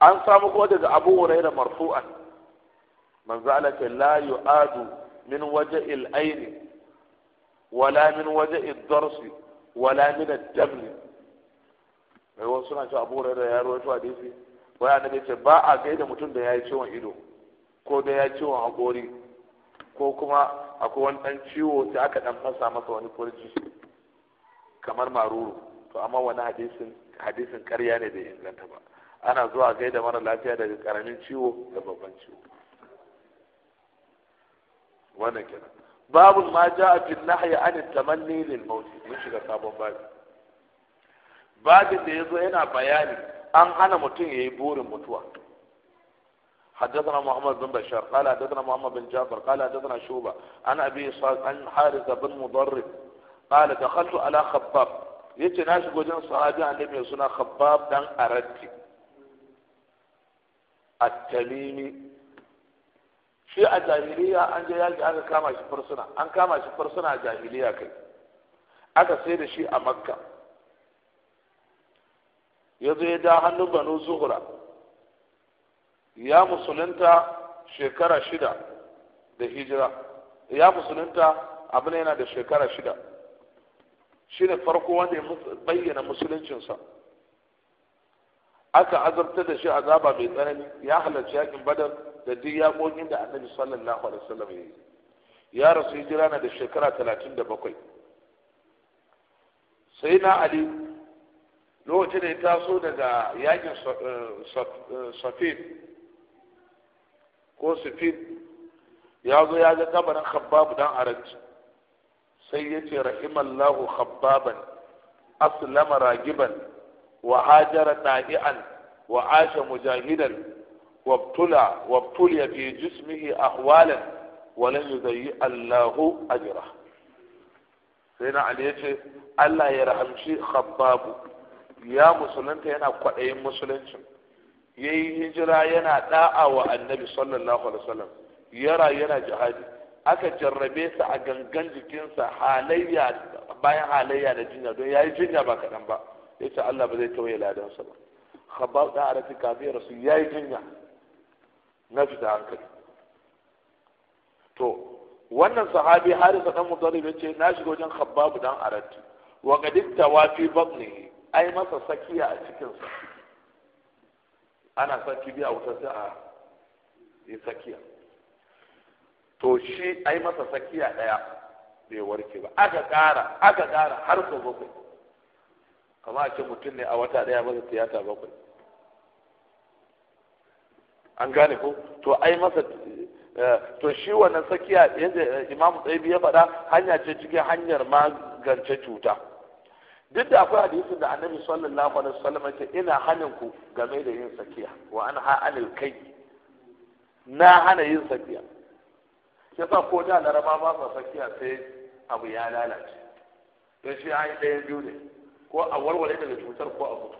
an samu ko daga abu hurairah marfu'an manzo Allah ce la yu'adu min waja'il aini wala min waja'id dars wala min ad-dabl mai wasu suna cewa abu da ya rawaito hadisi wai annabi ce ba a gaida mutum da yayi ciwon ido ko da ya ciwon hakori ko kuma akwai wani dan ciwo sai aka dan fasa masa wani kurji kamar maruru to amma wani hadisin hadisin karya ne bai inganta ba ana zuwa gaida mara lafiya daga karamin ciwo da babban ciwo wannan kenan babu ma ja a fil nahyi an tamanni lil maut mun shiga sabon babu babin da yazo yana bayani an hana mutum yayi burin mutuwa حدثنا محمد بن بشار قال حدثنا محمد بن جعفر قال حدثنا شوبة عن أبي صالح عن حارثة بن مضرب قال دخلت على خباب ya ce na shigo jin sahabi a mai suna khabbab dan aratti at-tamimi shi a jahiliya an je yaki aka kama shi fursuna an kama shi fursuna a jahiliya kai aka sai da shi a makka ya zo ya da hannu banu zuhura ya musulunta shekara shida da hijira ya musulunta abin yana da shekara shida Shi ne farko wanda ya bayyana musuluncinsa aka azabta da shi azaba mai tsanani ya halarci yakin badar da duk yaƙoƙin da annabi sallallahu alaihi wasallam ya yi ya rasu hijira na da shekara talatin da bakwai sai na ali lokacin da ya taso daga yakin eh, eh, safin ko safin ya zo ya ga kabarin khabbab dan arabi سي رحم الله خبابا أسلم راجبا وهاجر نائعا وعاش مجاهدا وابتلى وابتلي في جسمه أحوالا ولن يضيع الله أجره سيدنا علي الله يرحم شي خباب يا مسلم أنا قائم مسلم يهجر ينا داعا النبي صلى الله عليه وسلم يرى ينا جهادي aka jarrabe sa a gangan jikinsa halayya bayan halayya da jinya don yi jinya ba kaɗan ba ya ce Allah ba zai tawaye ladansa ba khabbab da arafi kafin rasu yi jinya na fita hankali to wannan sahabi harisa dan mudarrib ya ce na shiga wajen khabbab dan arati wa qad tawa fi batnihi ai masa sakiya a cikinsa ana saki biya wutar sai a yi sakiya to shi ai masa sakiya ɗaya bai warke ba aka ƙara aka ƙara har sau bakwai kama a ce mutum ne a wata ɗaya masa tiyata bakwai an gane ko to ai masa eh, to shi wannan sakiya yadda eh, imam tsaibi ya faɗa hanya ce cikin hanyar magance cuta duk da akwai hadisi da annabi sallallahu alaihi wasallam yake ina hanin ku game da yin sakiya wa an ha'anil kai na hana yin sakiya ya ba ko da laraba ba ba tsakiya sai abu ya lalace don shi ya yi ɗayan biyu ne ko a warware daga cutar ko a mutu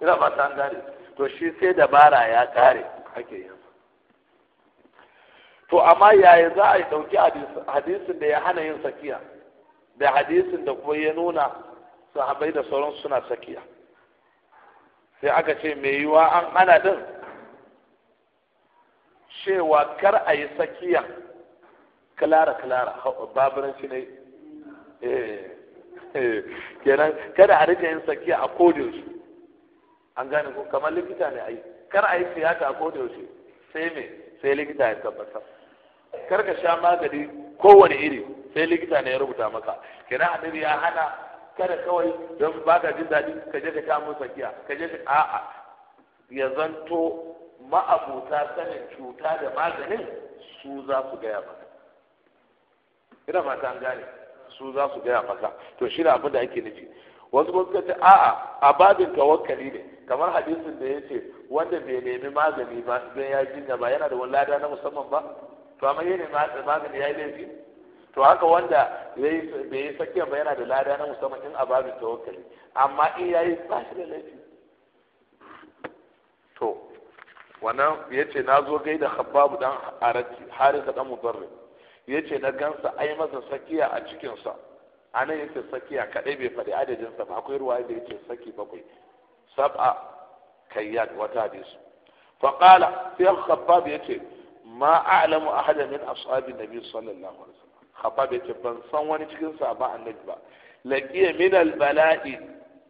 ina ba ta gane to shi sai dabara ya kare ake yin to amma yaya za a ɗauki hadisin da ya hana yin sakiya da hadisin da kuma ya nuna sahabai da sauran suna sakiya sai aka ce mai yiwa an hana din cewa kar a yi sakiya klara klara shi ne eh, eh, kenan kada a rika yin sakiya a kodiyoshi an gane ko kamar likita ne a yi kar a yi tiyata a kodiyoshi sai me sai likita ya tabbatar kar ka sha magani kowane iri sai likita ne ya rubuta maka kenan a ya hana kada kawai don ba ka jin daɗi ka je ka sha mu sakiya ka je ka a'a ya zanto ma'abuta sanin cuta da maganin su za su gaya maka ina mata an gane su za su gaya maka to shi ne abin da ake nufi wasu kuma suka ce a'a a babin tawakkali ne kamar hadisin da ya ce wanda bai nemi magani ba don ya jinya ba yana da wani lada na musamman ba to amma yi ne magani ya yi laifi to haka wanda bai yi sakiya ba yana da lada na musamman in a babin tawakkali amma in ya yi ba shi da laifi wannan ya ce na zo gai da habbabu dan arati harisa dan mudarrib ya ce na gansa ai masa sakiya a cikinsa a nan yake sakiya kaɗai bai faɗi adadinsa ba akwai ruwa da yake saki bakwai sab'a kayyad wata hadisu faƙala sai al-khabbab ya ma a'lamu ahada min ashabi nabi sallallahu alaihi wasallam khabbab ya ban san wani cikin sahaba annabi ba laqiya min al-bala'i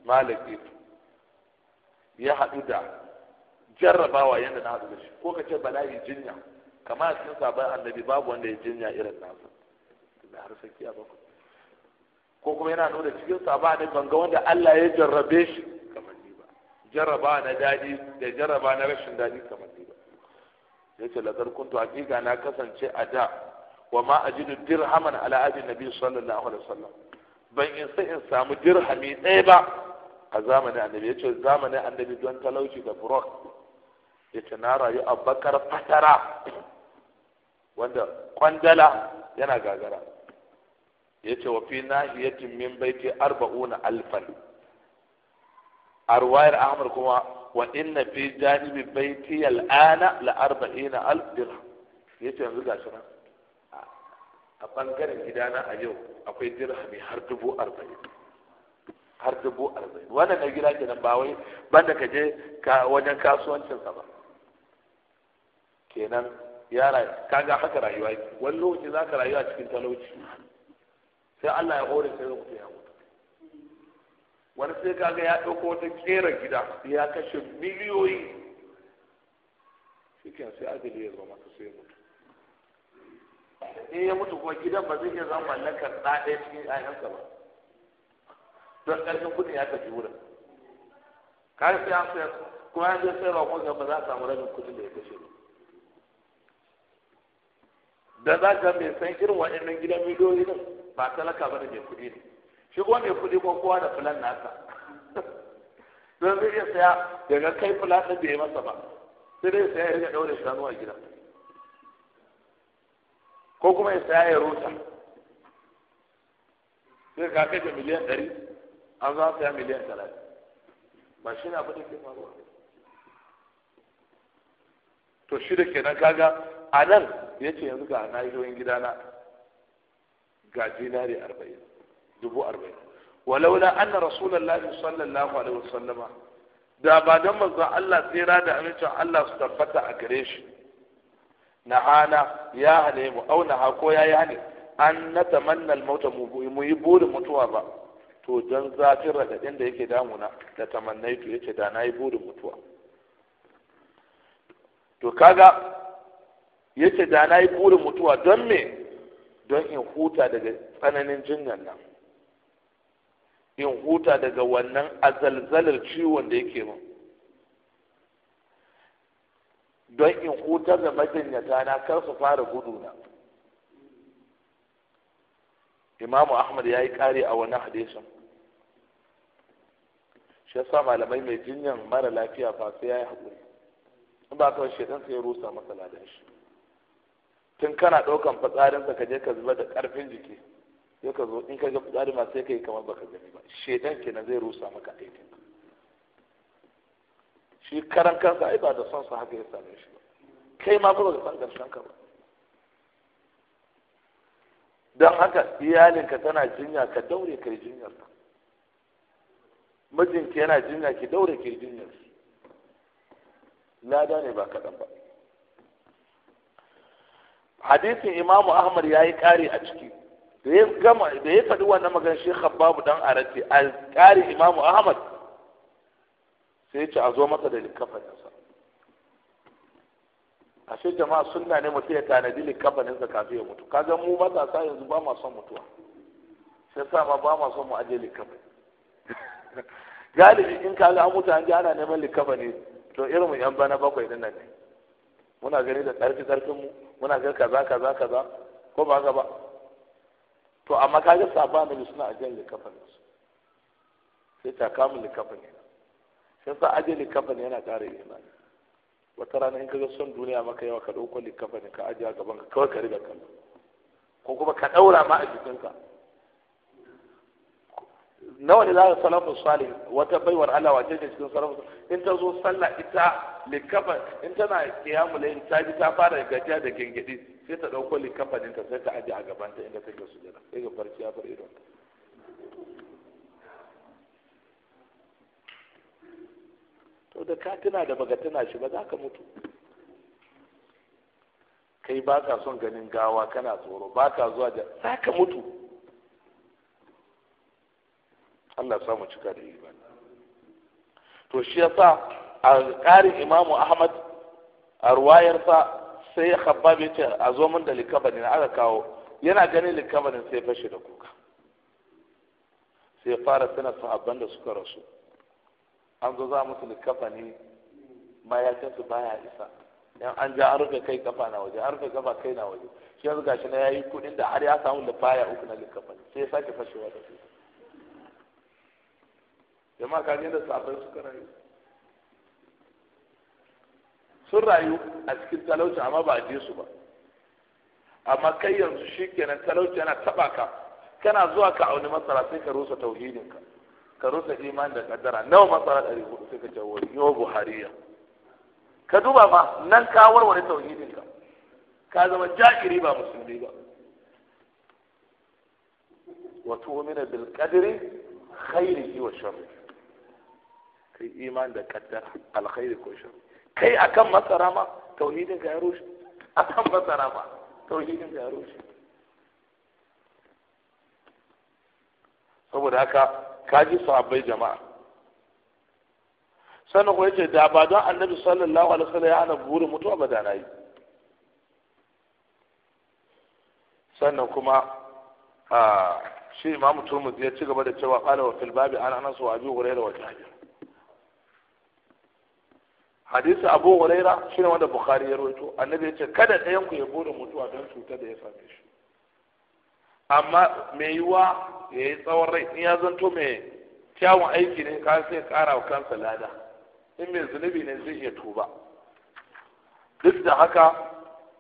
ma ya hadu da jarrabawa yadda na haɗu da shi ko ka ce bala'i jinya kamar a cikin sabon annabi babu wanda ya jinya irin nasa da har sakiya bakwai ko kuma yana nuna cikin sabon annabi ban ga wanda Allah ya jarrabe shi kamar ni ba jarraba na daɗi da jarraba na rashin daɗi kamar ni ba ya ce lazar kuntu haƙiƙa na kasance a da wa ma ajidu dirhaman ala abin nabi sallallahu alaihi wasallam ban isa in samu dirhami ɗaya ba a zamanin annabi ya ce zamanin annabi don talauci da burok yace na rayu a bakar fatara wanda kwandala yana gagara yace wa fi nahiyatin min baiti arba'una alfan arwayar ahmar kuma wa inna fi janibi baiti al'ana la arba'ina alf dirham yace yanzu gashi nan a bangaren gidana a yau akwai dirhami har dubu arba'in har dubu arba'in wannan na gida kenan ba wai banda ka je wajen kasuwancin ka ba kenan ya rayu kaga haka rayuwa yake wani lokaci za ka rayu a cikin talauci sai Allah ya hore sai mutu ya mutu wani sai kaga ya ɗauko wata kera gida ya kashe miliyoyi shikin sai adali ya zama masa sai mutu in ya mutu kuma gidan ba zai iya zama mallakar ɗa ɗaya cikin ayyansa ba don ƙarfin kuɗin ya tafi wurin kayan sai an sayar kuma ya je sayarwa kuma ba za a samu rabin kuɗin da ya kashe ba da za ka mai san irin waɗannan gidan miliyoyi din ba talaka ba da mai kuɗi ne shi kuma mai kuɗi ko kowa da filan nasa don zai iya saya daga kai filan ɗin bai masa ba sai dai saya ya riga ɗaure shanu a gida ko kuma ya saya ya rusa sai ka kai da miliyan ɗari an za saya miliyan talatin ba shi ne abin da ke faruwa to shi da kenan kaga a nan ya ce yanzu ga na hidoyin gidana ga dinari arba'in dubu arba'in walaula na rasulullahi sallallahu alaihi wasallama da ba don manzon Allah tsira da amincin Allah su tabbata a gare shi hana ya hane mu au hako ya yi hane an na tamannal mauta mu yi burin mutuwa ba to don zafin raɗaɗin da yake damuna da to yace da na yi burin mutuwa to kaga yace da na yi burin mutuwa don me don in huta daga tsananin jinyar nan in huta daga wannan azalzalar ciwon da yake min don in hutar da majinyata na kar su fara gudu na. imamu ahmad ya yi kare a wani hadisin shi yasa malamai mai jinyan mara lafiya ba sai ya yi haƙuri in ba kawai shekansa sai ya rusa masa ladan shi tun kana ɗaukan fitsarin ka je ka zuba da ƙarfin jiki sai ka zo in ka ga fitsari ma sai ka yi kamar baka gani ba shedan kenan zai rusa maka aikin shi karan kansa ai ba da son su haka ya same shi ba kai ma ba ka san karshen ka ba don haka iyalinka tana jinya ka daure kai jinyar ka mijinki yana jinya ki daure kai jinyar lada ne ba kaɗan ba hadisin imamu ahmad ya yi ƙari a ciki da ya gama da ya faɗi wannan magana shi khabbabu dan arati a ƙari imamu ahmad sai ya ce a zo masa da likafaninsa a shi jama'a sunna ne mutum ya tanadi likafaninsa kafi ya mutu ka mu matasa yanzu ba ma son mutuwa sai sa ma ba ma son mu aje likafani galibi in ga an mutu an ji ana neman likafani to irin mu yan bana bakwai dinnan nan ne muna gani da ƙarfi ƙarfin mu muna ga kaza kaza kaza ko ba haka ba to amma ga sabon ne suna ajiyar likafanin su sai ta kamun ne sai sa ajiyar likafanin yana ƙara ma wata rana in ka ga son duniya maka yawa ka ɗauko likafanin ka ajiya gaban ka kawai ka riga kallo ko kuma ka ɗaura ma a jikinka nawa ne za ka salafu salih wata baiwar Allah wace ce cikin salafu in ta zo sallah ita likafa in tana kiyamu layin ta ji ta fara gajiya da gengedi sai ta dauko likafa ɗinta sai ta aje a gabanta inda take sujada sai ga farci ya bar idon to da ka tuna da baka shi ba za ka mutu kai ba ka son ganin gawa kana tsoro ba ka zuwa da za ka mutu Allah samu cika da imani to shi yasa a ƙarin imamu ahmad a ruwayarsa sai ya khabbab ce a zo min da na aka kawo yana ganin likabanin sai fashe da kuka sai ya fara sana sahabban da suka rasu an zo za musu likabani mayakinsu baya isa yan an ja an rufe kai kafa na waje an rufe kafa kai na waje shi yanzu gashi na yayi kudin da har ya samu baya uku na likabani sai ya sake fashewa da su jama'a ka da sabai suka rayu sun rayu a cikin talauci amma ba a je su ba amma kai yanzu shi kenan talauci yana taba ka kana zuwa ka auni masara sai ka rusa tauhidinka ka rusa iman da kaddara nawa masara ɗari hudu sai ka jawo wani yau buhariya ka duba ma nan ka warware tauhidinka ka zama jakiri ba musulmi ba wa tu'mina bil qadri khairihi wa sharrihi kai iman da kaddara alkhairi ko shari kai akan masara ma tauhidin ka ya rushe akan masara ma tauhidin ka ya rushe saboda haka kaji sahabbai jama'a sannan kuwa yace da ba don annabi sallallahu alaihi wasallam ya hana burin mutuwa ba da nayi sannan kuma ah, shi imamu turmuz ya ci gaba da cewa qala wa fil babi an anasu wa abi hurairah wa jabir hadisi abu huraira shi ne wanda bukhari ya rawaito annabi ya ce kada ɗayan ku ya bude mutuwa don cutar da ya same shi amma mai yiwa ya yi tsawon rai in ya zanto mai kyawun aiki ne ka sai kara wa kansa lada in mai zunubi ne zai iya tuba duk da haka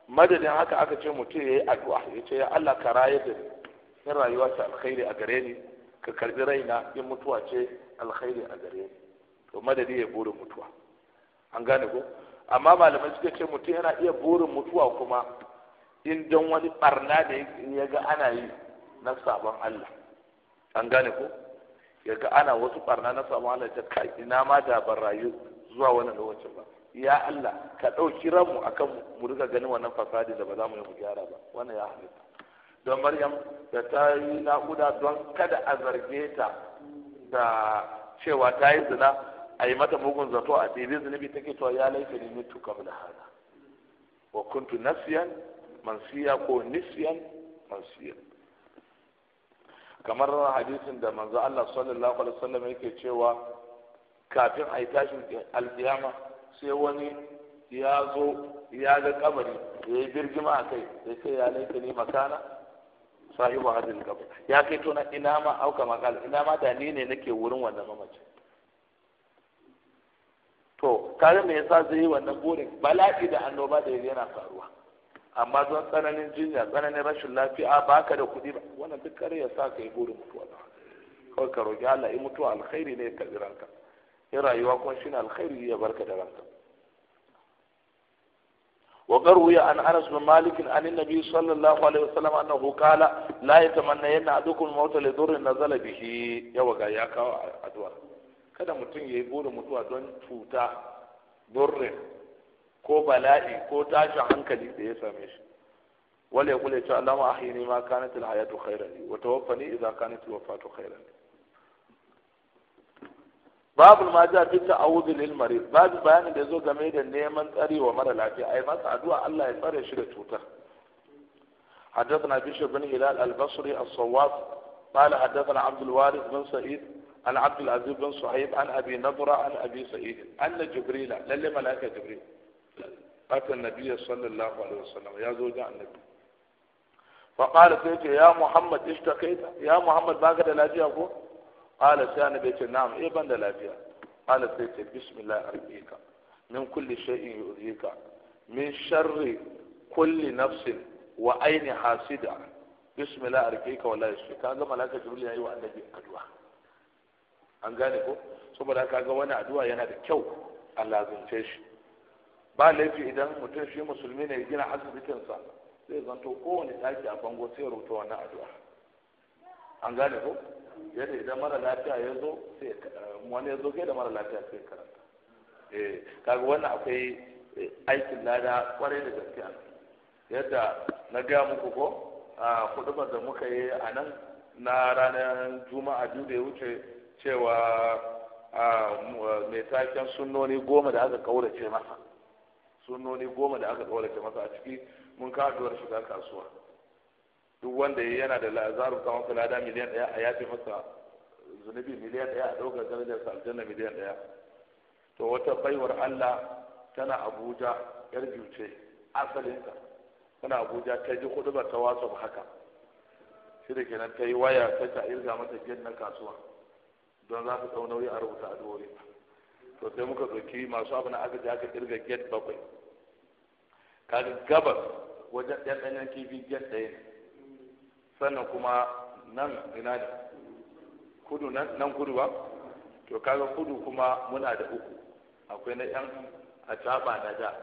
madadin haka aka ce mutum ya yi addu'a ya ce ya Allah ka rayar da in rayuwa ta alkhairi a gare ni ka karbi raina in mutuwa ce alkhairi a gare ni to madadi ya bude mutuwa an gane ko amma malamai suka ce mutum yana iya burin mutuwa kuma in don wani barna da ya ga ana yi na sabon Allah an gane ko ya ga ana wasu barna na sabon Allah ta kai ina ma da ban rayu zuwa wani lokacin ba ya Allah ka ɗauki ranmu akan mu riga ganin wannan fasadi da ba za mu yi mu gyara ba wannan ya halitta don Maryam da ta yi naƙuda don kada a zarge ta da cewa ta yi zina a yi mata mugun zato a ɗebe zunubi take to ya laifi ne mutu kabla hada wa kuntu nasiyan mansiya ko nisiyan mansiya kamar hadisin da manzo Allah sallallahu alaihi wasallam yake cewa kafin ai tashin alkiyama sai wani ya zo ya ga kabari ya yi birgima a kai ya ce ya laifi ne makana sahibu hadin kabari ya kai tona ina ma auka makala ina ma da ni ne nake wurin wannan mamacin to kare me yasa zai yi wannan burin bala'i da annoba da yana faruwa amma don tsananin jinya tsananin rashin lafiya ba ka da kuɗi ba wannan duk kare ya sa ka yi burin mutuwa kawai ka roƙi Allah in eh, mutuwa alkhairi ne ka karɓi ranka in rayuwa kuma shi ne alkhairi ya barka da ranka وقد روي عن انس بن مالك عن النبي صلى الله عليه وسلم انه قال لا يتمنين احدكم الموت لضر نزل به يا وقع يا كاو ادوار kada mutum ya yi burin mutuwa don cuta burin, ko bala'i ko tashin hankali da ya same shi wale ya kula cewa alama ahyini ma kanat alhayatu khairan li wa tawaffani idza kanat alwafatu khairan li babu ma ja fi ta'awudh lil marid babu bayanin da zo game da neman tsari wa mara lafiya ai masa addu'a Allah ya tsare shi da cutar حدثنا بشر بن هلال البصري الصواب قال حدثنا عبد الوارث بن سعيد عن عبد العزيز بن صهيب عن أبي نضرة عن أبي سعيد أن جبريل للي ملائكة جبريل أتى النبي صلى الله عليه وسلم يا زوج النبي فقال سيدي يا محمد اشتكيت يا محمد ما قد لا أبو قال سيدي بيت نعم إيه بند لا قال سيدي بسم الله أرجيك من كل شيء يؤذيك من شر كل نفس وأين حاسدة بسم الله أرجيك ولا يشفيك هذا ملائكة جبريل أيوة النبي أدوه an gane ko saboda ka ga wani addu'a yana da kyau Allah ce shi ba laifi idan mutum shi musulmi ne gina asibitinsa zai zanto kowane ɗaki a bango sai rubuta wannan addu'a an gane ko yadda idan mara lafiya ya zo sai wani ya zo kai da mara lafiya sai karanta eh kaga wannan akwai eh, aikin lada kwarai da gaske yadda na gaya muku ko a ah, kudubar da muka yi a nan na ranar juma'a biyu da ya wuce cewa mai taken sunnoni goma da aka kaurace masa sunnoni goma da aka kaurace masa a ciki mun kawo duwar shiga kasuwa duk wanda yana da lazarin kawon fulada miliyan ɗaya a yafe masa zunubi miliyan ɗaya a ɗaukar darajar sa aljanna miliyan ɗaya to wata baiwar Allah tana Abuja yar juce asalinta tana Abuja ta ji kudu ba ta wasu haka shi da kenan ta yi waya ta ta irga mata gidan na kasuwa don za su ɗau nauyi a rubuta addu'o'i to sai muka ɗauki masu abu na agaji aka kirga get bakwai kaga gabas wajen ɗan ɗanyen kifi get ɗaya ne sannan kuma nan ina ne kudu nan kudu ba to kaga kudu kuma muna da uku akwai na yan a caba na da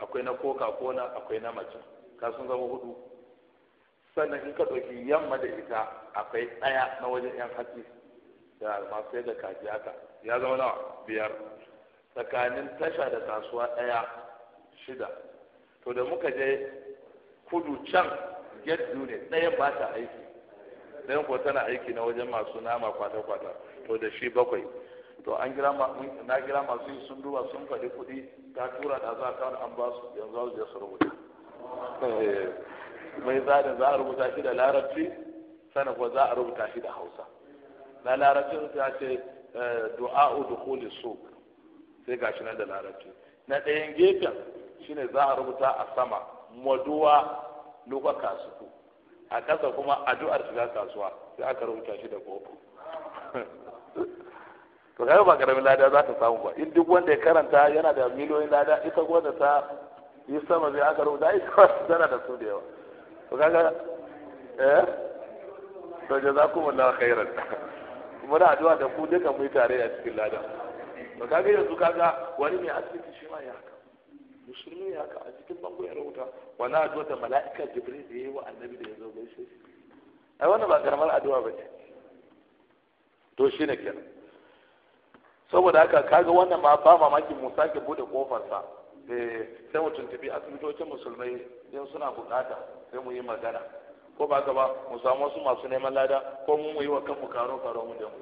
akwai na koka, kona akwai na mace ka sun zama hudu sannan in ka ɗauki yamma da ita akwai ɗaya na wajen yan hatsi da masu sai da kaji haka ya zama nawa biyar tsakanin tasha da kasuwa ɗaya shida to da muka je kudu can geddu ne ɗayan ba ta aiki ɗayan ko tana aiki na wajen masu nama kwata-kwata to da shi bakwai to an gira na gira masu yi sun duba sun faɗi kuɗi ta tura da za ka an ba su yanzu za su je su rubuta eh, mai zaɗin za a rubuta shi da larabci sannan ko za a rubuta shi da hausa na larabci sun ya ce eh, du'a'u dukhuli suq sai gashi nan da larabci na ɗayan gefen shine za a rubuta a sama maduwa lokwa kasuku a ƙasa kuma addu'ar shiga kasuwa sai aka rubuta shi da koko to kai ba karamin lada za ka samu ba in duk wanda ya karanta yana da miliyoyin lada ita kuma ta yi sama zai aka rubuta ita ba tana da su da yawa to kaga eh to jazakumullahu khairan muna addu'a da ku duka mu tare a cikin lada, to kaga yanzu kaga wani mai asibiti shi ma ya haka musulmi ya haka a cikin bango ya rahuta wani addu'a da mala'ika jibril da ya yi wa annabi da ya zo gaishe shi ai wannan ba karamar addu'a ba ce to shi ne kenan saboda haka kaga wannan ma ba mamakin mu sake bude sa, eh, sai mu tuntubi asibitocin musulmai idan suna bukata sai mu yi magana ko ba ka ba mu samu wasu masu neman lada ko mu yi wa kanmu karo karo mu da mu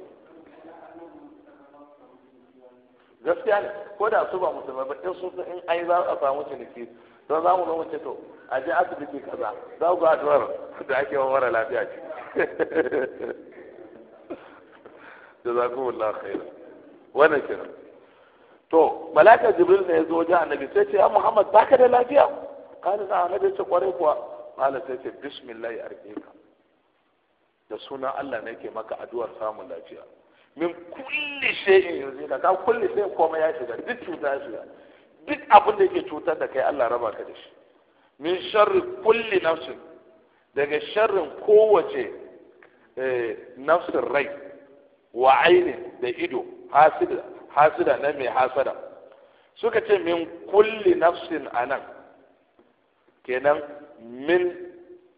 gaskiya ne ko da su ba musulmai ba in sun in ai za a samu ciniki don za mu zo mu ce to a je asibiti kaza za ku ga addu'ar da ake wa mara lafiya ce jazakumullahu khair wannan kenan to malaka jibril ne ya zo ji annabi sai ce ya muhammad baka da lafiya kana na annabi ce kwarai kuwa qala sai ce bismillah ka da sunan Allah ne ke maka addu'ar samun lafiya min kulli shay'in yuzina ka kulli shay'in komai ya shiga duk cuta ya shiga duk abin da yake cutar da kai Allah raba ka da shi min sharri kulli nafsin daga sharrin kowace eh, nafsin rai wa aini da ido hasida hasida na mai hasada suka ce min kulli nafsin anan kenan min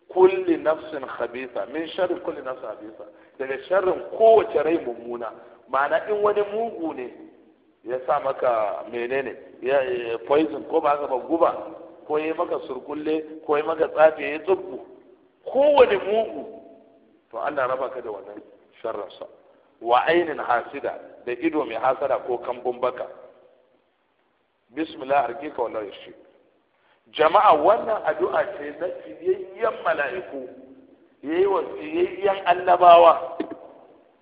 kulli nafsin khabitha min sharri kulli nafsin khabitha daga sharrin kowace rai mummuna ma'ana in wani mugu ne ya sa maka menene ya poison ko ba ba guba ko ya maka surkulle ko ya maka tsafi ya tsubbu kowane mugu to Allah raba ka da wannan sharrin sa wa ainin hasida da ido mai hasada ko kambun baka bismillah arkika wallahi shi jama'a wannan addu'a ce na fiyayyen mala'iku yayi wa fiyayyen annabawa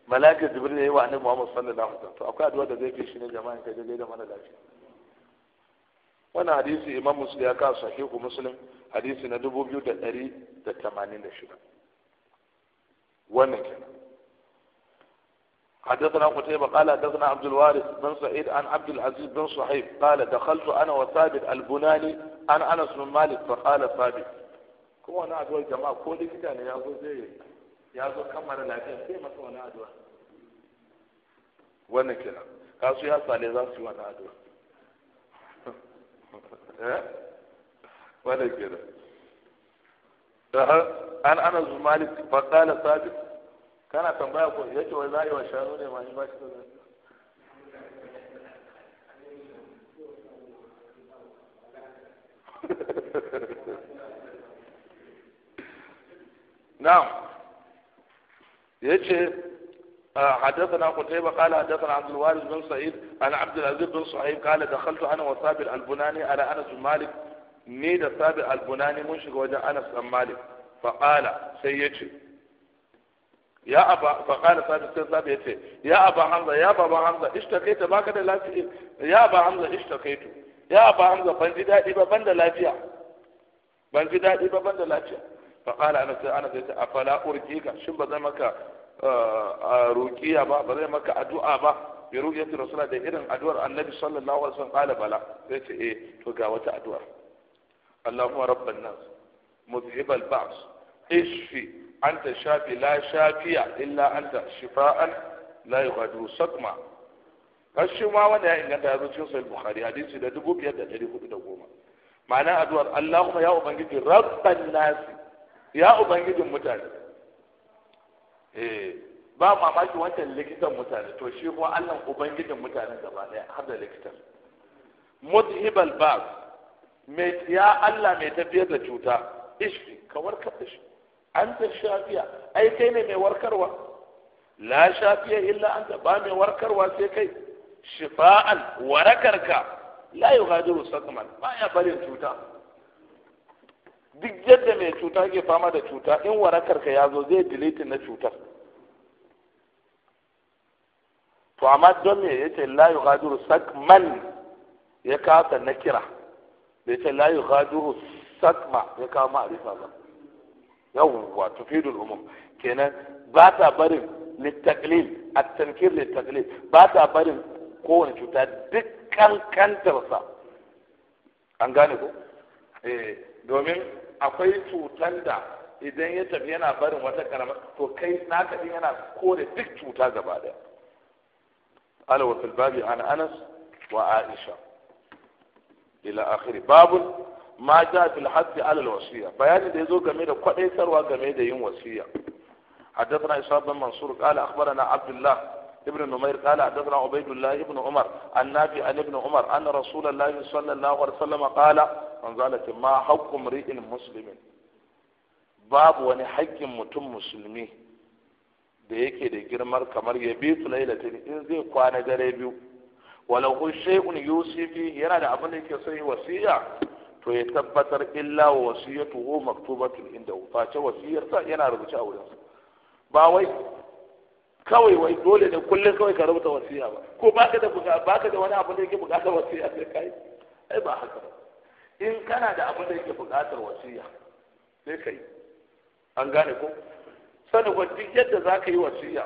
mala'ika jibril yayi wa annabi Muhammad sallallahu alaihi wasallam akwai addu'a da zai fi shi ne jama'a kai da mana lafiya wannan hadisi imam muslim ya kawo sahihu muslim hadisi na dubu biyu da ɗari da tamanin da shida wannan kenan حدثنا قتيبة قال حدثنا عبد الوارث بن سعيد عن عبد العزيز بن صحيح قال دخلت أنا وثابت البناني an ana bin malik fa qala sabi kuma wani addu'ar jama'a ko likita ne ya zo zai ya zo kammala lafiya sai masa wani addu'a wannan kenan su ya sale za su yi wani addu'a eh? wannan kenan an ana Malik fa qala sabi kana tambaya ko yace wai za a yi wa shanu ne ma shi ba shi da na'am yace حدثنا قتيبة قال حدثنا عبد الوارث بن سعيد عن عبد العزيز بن صهيب قال دخلت انا وصابر البناني على انس بن مالك ني da sabir albunani mun shiga wajen anas malik fa sai ya aba fa sabir sai sabir yace ya aba hamza ya baba hamza ishtakaita baka da lafiya ya aba hamza ishtakaita ya ba hamza ban ji daɗi ba ban da lafiya ban ji daɗi ba ban da lafiya fa qala ana sai ana sai ta afala urqika shin ba zai maka eh, ruqiya ba ba zai maka addu'a ba bi ruqyati rasulullah da irin addu'ar annabi sallallahu alaihi wasallam qala bala sai ce eh to ga wata addu'a Allahumma rabban nas mudhhib al-ba's ishfi anta shafi la shafiya illa anta shifaan la yughadiru saqma kashi ma wanda ya inganta ya zo cikin sahih bukhari hadisi da dubu biyar da dari hudu da goma ma'ana addu'ar allahumma ya ubangiji rabban nasi ya ubangijin mutane eh ba mamaki wancan likitan mutane to shi ko allah ubangijin mutane gaba ne har da likitan mudhibal ba'd mai ya allah mai tafiyar da cuta ishfi ka warkar shi an ta shafiya ai kai ne mai warkarwa la shafiya illa anta ba mai warkarwa sai kai shifa'an warakarka la yughadiru saqman ba ya barin cuta duk yadda mai cuta ke fama da cuta in warakarka ya zo zai dilitin na cutar to amma don me yace la yughadiru saqman ya kasa na kira bai ce la yughadiru Sakma ya kawo ma'arifa ba yawwa tufidul umum kenan ba ta barin للتقليل التنكير للتقليل بعد برم kowane cuta duk kankantarsa an gane ko eh, domin akwai cutan da idan ya tafi yana barin wata karama to kai na kaɗi yana kore duk cuta gaba daya ala wa fil babi an anas wa aisha ila akhiri babun ma ja fil haddi ala al wasiya bayani da yazo game da kwadaitarwa game da yin wasiya حدثنا إسحاق بن منصور قال أخبرنا عبد الله ابن نمير قال حدثنا عبيد الله بن عمر عن نافع عن ابن عمر أن رسول الله صلى الله عليه وسلم قال من قالت ما حق امرئ مسلم باب وني حق متم مسلمي da yake da girmar kamar ya bi su lailatin in zai kwana dare biyu walau kun shay'un yusifi yana da abin da yake son wasiya to ya tabbatar illa wa wasiyatuhu maktubatun inda face wasiyarsa yana rubuce a wurinsa ba wai kawai wai dole ne kullum kawai ka rubuta wasiya ba ko baka da baka da wani abu da yake bukatar wasiya sai kai ai ba haka ba in kana da abu da yake bukatar wasiya sai kai an gane ko sanin ko duk yadda za ka yi wasiya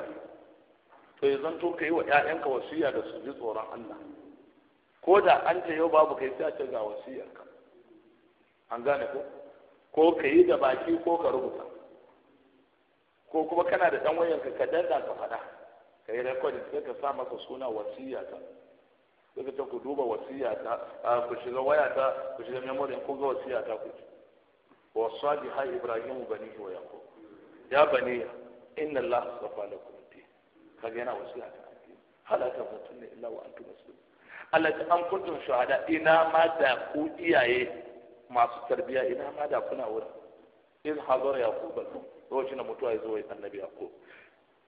to ya zanto ka yi wa 'ya'yanka wasiya da su ji tsoron Allah ko da an ce yau babu kai sai a ce ga wasiyarka an gane ko ko ka yi da baki ko ka rubuta ko kuma kana da dan wayanka ka danna ka faɗa ka yi recording sai ka sa masa suna wasiya ta sai ka ce ku duba wasiya ta ku shiga waya ta ku shiga memory ku ga wasiya ta ku ci wa ha ibrahim bani wa yaqub ya bani inna allah safa lakum ka ga yana wasiya ta hala ta ne illa wa antum muslim Allah ta an kuntum shahada ina ma da ku iyaye masu tarbiya ina ma da kuna wurin in hazara yaqub lokacin da mutuwa ya zo wai annabi ko.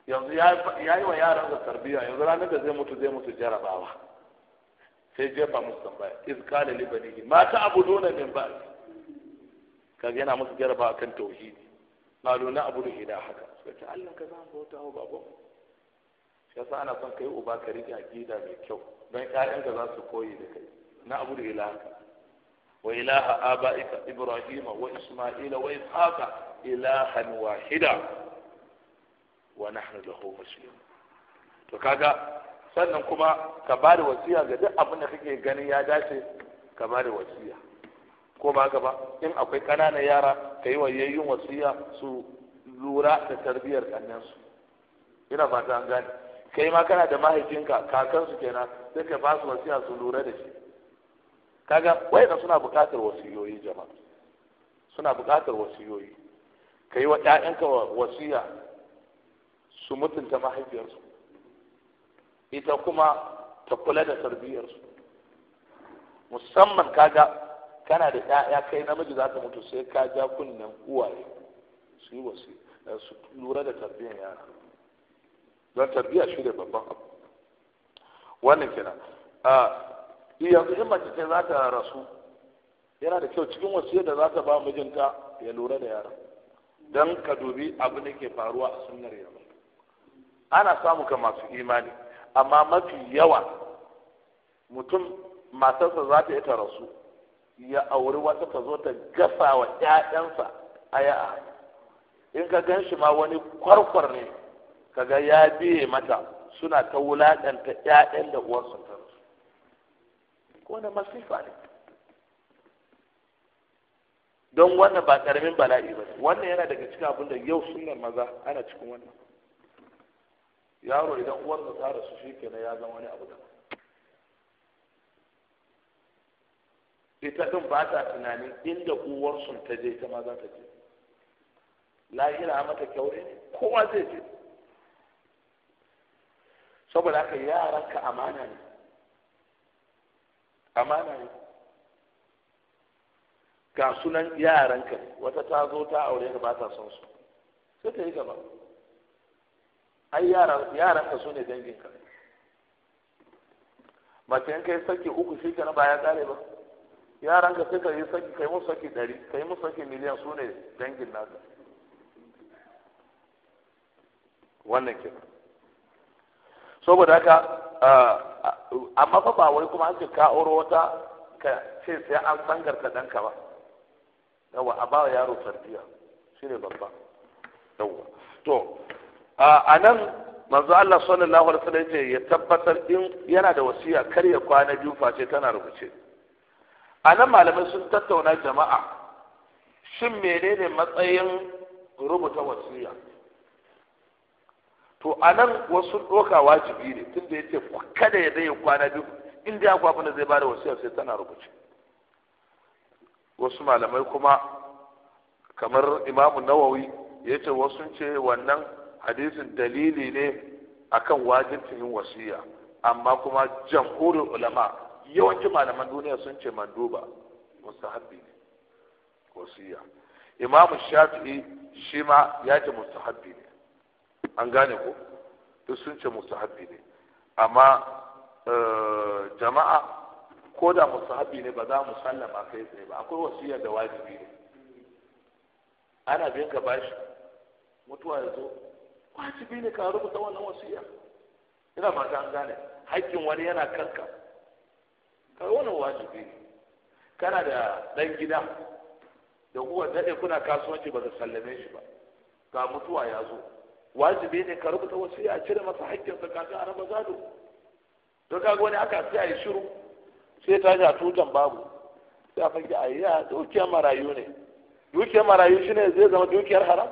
yanzu ya yi wa yaran da tarbiyya yanzu ranar da zai mutu zai mutu jarabawa sai jefa musu tambaya iz liba li mata abu ta'buduna min ba ka yana musu jarabawa kan tauhidi qalu Abu da ila haka suka ce Allah ka zan bauta wa ya sa ana son kai uba ka rike aqida mai kyau don ƴaƴanka za su koyi da kai na da ila haka wa ilaha abaika ibrahima wa isma'ila wa ishaqa ilahan wahida wa nahnu lahu muslimun to kaga sannan kuma ka ba da wasiya ga duk abin da kake ganin ya dace ka ba da wasiya ko ba gaba in akwai ƙananan yara ka yi wayayyun wasiya su lura da tarbiyyar kannansu ina ba an gane kai ma kana da mahaifinka kakansu kenan sai ka ba su wasiya su lura da shi kaga wayanda suna buƙatar wasiyoyi jama'a suna buƙatar wasiyoyi ka yi wa ‘ya'yanka wasiya su mutunta mahaifiyarsu ita kuma ta kula da tarbiyyarsu musamman kaga kana da ‘ya'ya kai namiji za ka mutu sai ka ja kunnen uwaye su yi wasiya eh, su lura da tarbiyyar yara don tarbiyya shi da babban abu wannan kenan yanzu in mace ce za ta rasu yana da kyau cikin wasiyar da za ta ba mijinta ya lura da yaran don ka dubi abu da ke faruwa a sunnar yanzu ana samu ka masu imani amma mafi yawa mutum matarsa za ta yi ta rasu ya auri wata ta zo ta gasa wa 'ya'yansa aya a in ka gan shi ma wani kwarkwar ne kaga ya biye mata suna ta wulaƙanta 'ya'yan da uwarsa ta rasu ko na masifa ne don wannan ba karamin bala'i ba wannan yana daga cikin abin da yau sunnar maza ana cikin wannan yaro idan uwar ta rasu shi kenan ya zama wani abu da ita din ba ta tunanin inda uwar sun ta je ita ma za ta je lahira mata kyaure ne kowa zai je saboda haka yaranka amana ne amana ne ga sunan yaranka wata ta zo ta aure ka ba ta son su sai ta yi gaba ai yaranka su ne danginka mace in kai saki uku shi kenan ba ya kare ba yaranka sai ka yi saki kai mu saki ɗari kai mu saki miliyan su ne dangin naka wannan ke saboda haka amma fa ba wai kuma an ce ka auro wata ka ce sai an sangarta ɗanka ba yawa a ba yaro tarbiya shine babba yawa to a nan manzo Allah sallallahu alaihi wasallam yace ya tabbatar in yana da wasiya kar ya kwana biyu face tana rubuce a nan malamai sun tattauna jama'a shin menene matsayin rubuta wasiya to a nan wasu doka wajibi ne tunda ce kada ya dai kwana biyu in da ya kwafa zai bada wasiya sai tana rubuce wasu malamai kuma kamar imamu nawawi ya ce wasu ce wannan hadisin dalili ne akan wajibcin yin wasiya amma kuma jamhurin ulama yawancin malaman duniya sun ce manduba mustahabbi ne wasiya imamu shafi'i shi ma ya ce mustahabbi ne an gane ko duk sun ce mustahabbi ne amma eh, jama'a ko da musahabi ne ba za mu sallama kai tsaye ba akwai wasiyar da wajibi ne ana bin ka bashi mutuwa ya zo wajibi ne ka rubuta wannan wasiya ina mata an gane haƙƙin wani yana kanka kai wannan wajibi ne kana da ɗan gida da kuwa daɗe kuna kasuwanci ba ka sallame shi ba ga mutuwa ya zo wajibi ne ka rubuta wasiya a cire masa haƙƙinsa kafin a raba gado don kaga wani aka sai a yi shiru sai ta a tutan babu sai a fage a ya dukiyar marayu ne dukiyar marayu shi ne zai zama dukiyar haram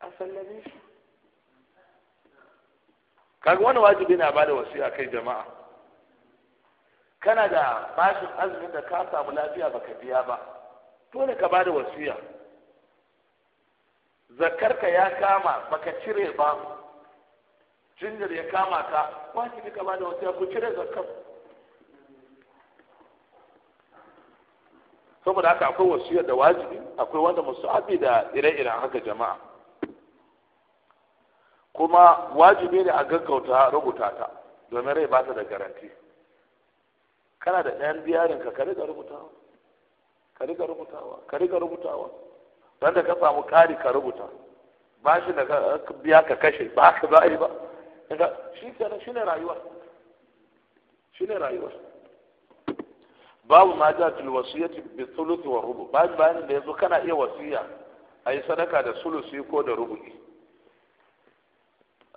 a sallame shi kaga wani wajibi na bada a kai jama'a kana da bashin azumin da ka samu lafiya baka biya ba dole ka bada wasiya zakarka ya kama baka cire ba jinjir ya kama ka wajibi ka bada wasu ku cire zakar saboda haka akwai wasiyar da wajibi akwai wanda musabi da ire-iren haka jama'a kuma wajibi ne a gaggauta rubuta ta domin rai ba ta da garanti kana da ɗayan biyarin ka ka riga rubutawa ka riga rubutawa ka riga rubutawa don da ka samu kari ka rubuta ba shi da biya ka kashe ba ka za ba daga shi kenan shine rayuwa shine rayuwa babu ma ja fil wasiyati bi thuluth wa rubu bayan ne da yazo kana iya wasiya ayi sadaka da sulusi ko da rubu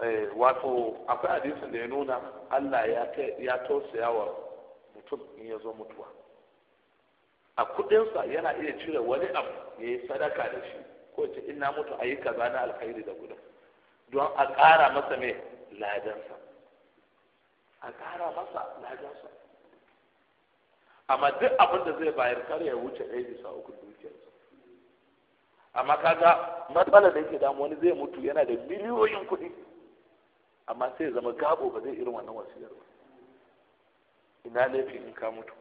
eh wato akwai hadisin da ya nuna Allah ya ya tausaya wa mutum in ya zo mutuwa a kudinsa yana iya cire wani abu ya yi sadaka da shi ko ce in na mutu a yi kaza na alkhairi da gudun don a ƙara masa mai ladansa a kara masa ladansa amma duk abin da zai bayar kar ya wuce ɗaya bisa uku dukiyarsa amma kaga matsalar da yake damu wani zai mutu yana da miliyoyin kuɗi amma sai zama gabo ba zai irin wannan wasiyar ba ina laifin in ka mutu